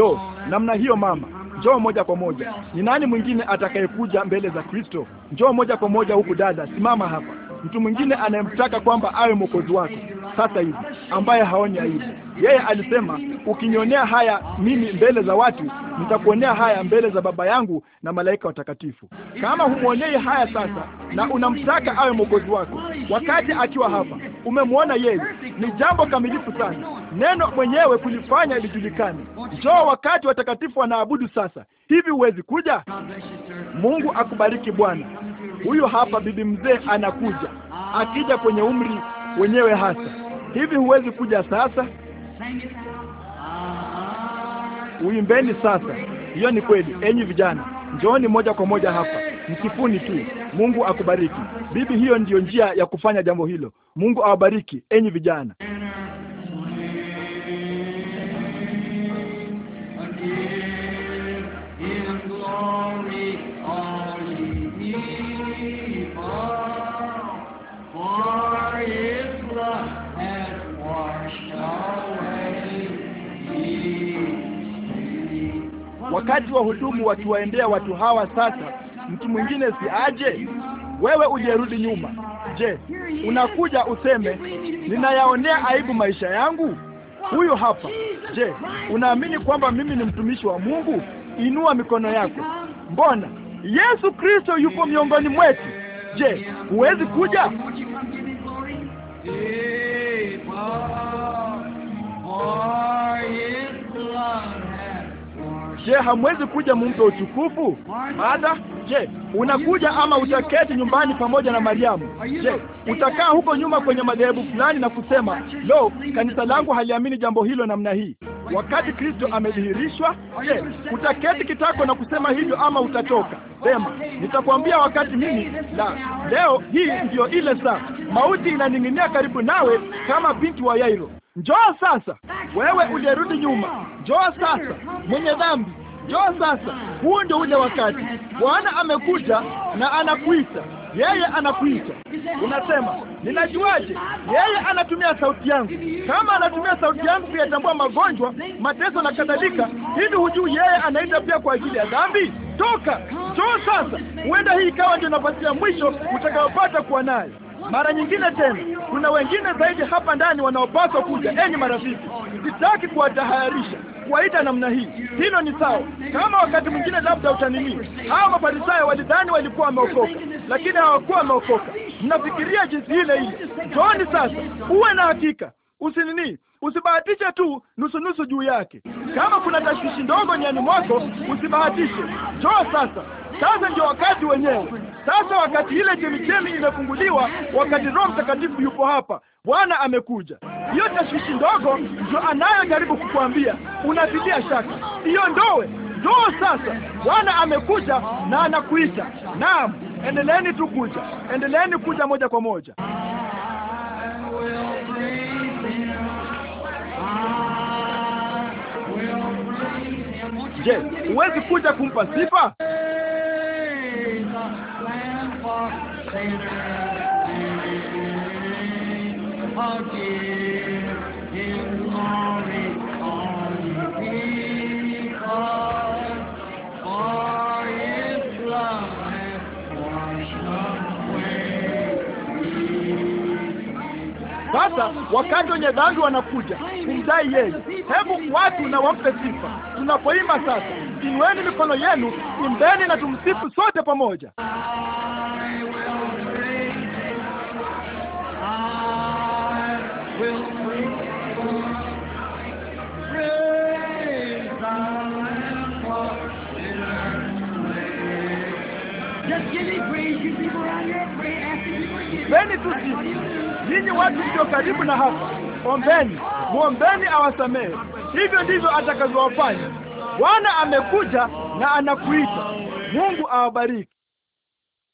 Lo, namna hiyo mama, njoo moja kwa moja. Ni nani mwingine atakayekuja mbele za Kristo? Njoo moja kwa moja huku, dada, simama hapa. Mtu mwingine anayemtaka kwamba awe mwokozi wako sasa hivi, ambaye haoni aibu. Yeye alisema, ukinionea haya mimi mbele za watu, nitakuonea haya mbele za Baba yangu na malaika watakatifu. Kama humwonei haya sasa na unamtaka awe mwokozi wako wakati akiwa hapa, umemwona yeye. Ni jambo kamilifu sana, neno mwenyewe kulifanya lijulikane. Njoo wakati watakatifu wanaabudu sasa hivi, huwezi kuja? Mungu akubariki Bwana. Huyo hapa bibi mzee anakuja, akija kwenye umri wenyewe hasa hivi. Huwezi kuja sasa? Uimbeni sasa. Hiyo ni kweli, enyi vijana. Njooni moja kwa moja hapa, msifuni tu. Mungu akubariki. Bibi, hiyo ndiyo njia ya kufanya jambo hilo. Mungu awabariki enyi vijana. wakati wa hudumu wakiwaendea watu hawa, sasa mtu mwingine si aje? Wewe ujerudi nyuma. Je, unakuja useme ninayaonea aibu maisha yangu? Huyu hapa. Je, unaamini kwamba mimi ni mtumishi wa Mungu? Inua mikono yako. Mbona Yesu Kristo yupo miongoni mwetu. Je, huwezi kuja? Je, hamwezi kuja mumpe utukufu? madha je, unakuja ama utaketi nyumbani pamoja na Mariamu? Je, utakaa huko nyuma kwenye madhehebu fulani na kusema lo, kanisa langu haliamini jambo hilo namna hii, wakati Kristo amedhihirishwa? Je, utaketi kitako na kusema hivyo ama utatoka? Sema, nitakwambia wakati mimi la leo. Hii ndiyo ile saa, mauti inaning'inia karibu nawe kama binti wa Yairo. Njoo sasa wewe uliyerudi nyuma, njoo sasa, mwenye dhambi, njoo sasa. Huu ndio ule wakati Bwana amekuja na anakuita, yeye anakuita. Unasema, ninajuaje? Yeye anatumia sauti yangu. Kama anatumia sauti yangu kuyatambua magonjwa, mateso na kadhalika, hivi hujui yeye anaita pia kwa ajili ya dhambi? Toka, njoo sasa. Huenda hii ikawa ndio nafasi ya mwisho utakayopata kuwa naye mara nyingine tena, kuna wengine zaidi hapa ndani wanaopaswa kuja. Enyi marafiki, sitaki kuwatahayarisha kuwaita namna hii. Hilo ni sawa, kama wakati mwingine labda utanini. hawa mafarisayo walidhani walikuwa wameokoka, lakini hawakuwa wameokoka. Mnafikiria jinsi ile ile. Njooni sasa, uwe na hakika usinini usibahatishe tu nusunusu juu yake. Kama kuna tashwishi ndogo nyani mwako, usibahatishe. Njoo sasa, sasa ndio wakati wenyewe. Sasa wakati ile chemichemi imefunguliwa, wakati Roho Mtakatifu yupo hapa, Bwana amekuja. Hiyo tashwishi ndogo ndio anayojaribu kukuambia, unapitia shaka, hiyo ndowe Njoo sasa, Bwana amekuja na anakuita. Naam, endeleeni tu kuja, endeleeni kuja moja kwa moja. Je, huwezi kuja kumpa sifa? Sasa wakati wenye dhambi wanakuja kumdai yeye, hebu watu na wampe sifa. Tunapoima sasa, inueni mikono yenu, imbeni na tumsifu sote pamoja. I will Ombeni tu sisi, ninyi watu mlio karibu na hapa, ombeni, mwombeni awasamehe, hivyo ndivyo atakavyowafanya. Bwana amekuja na anakuita. Mungu awabariki.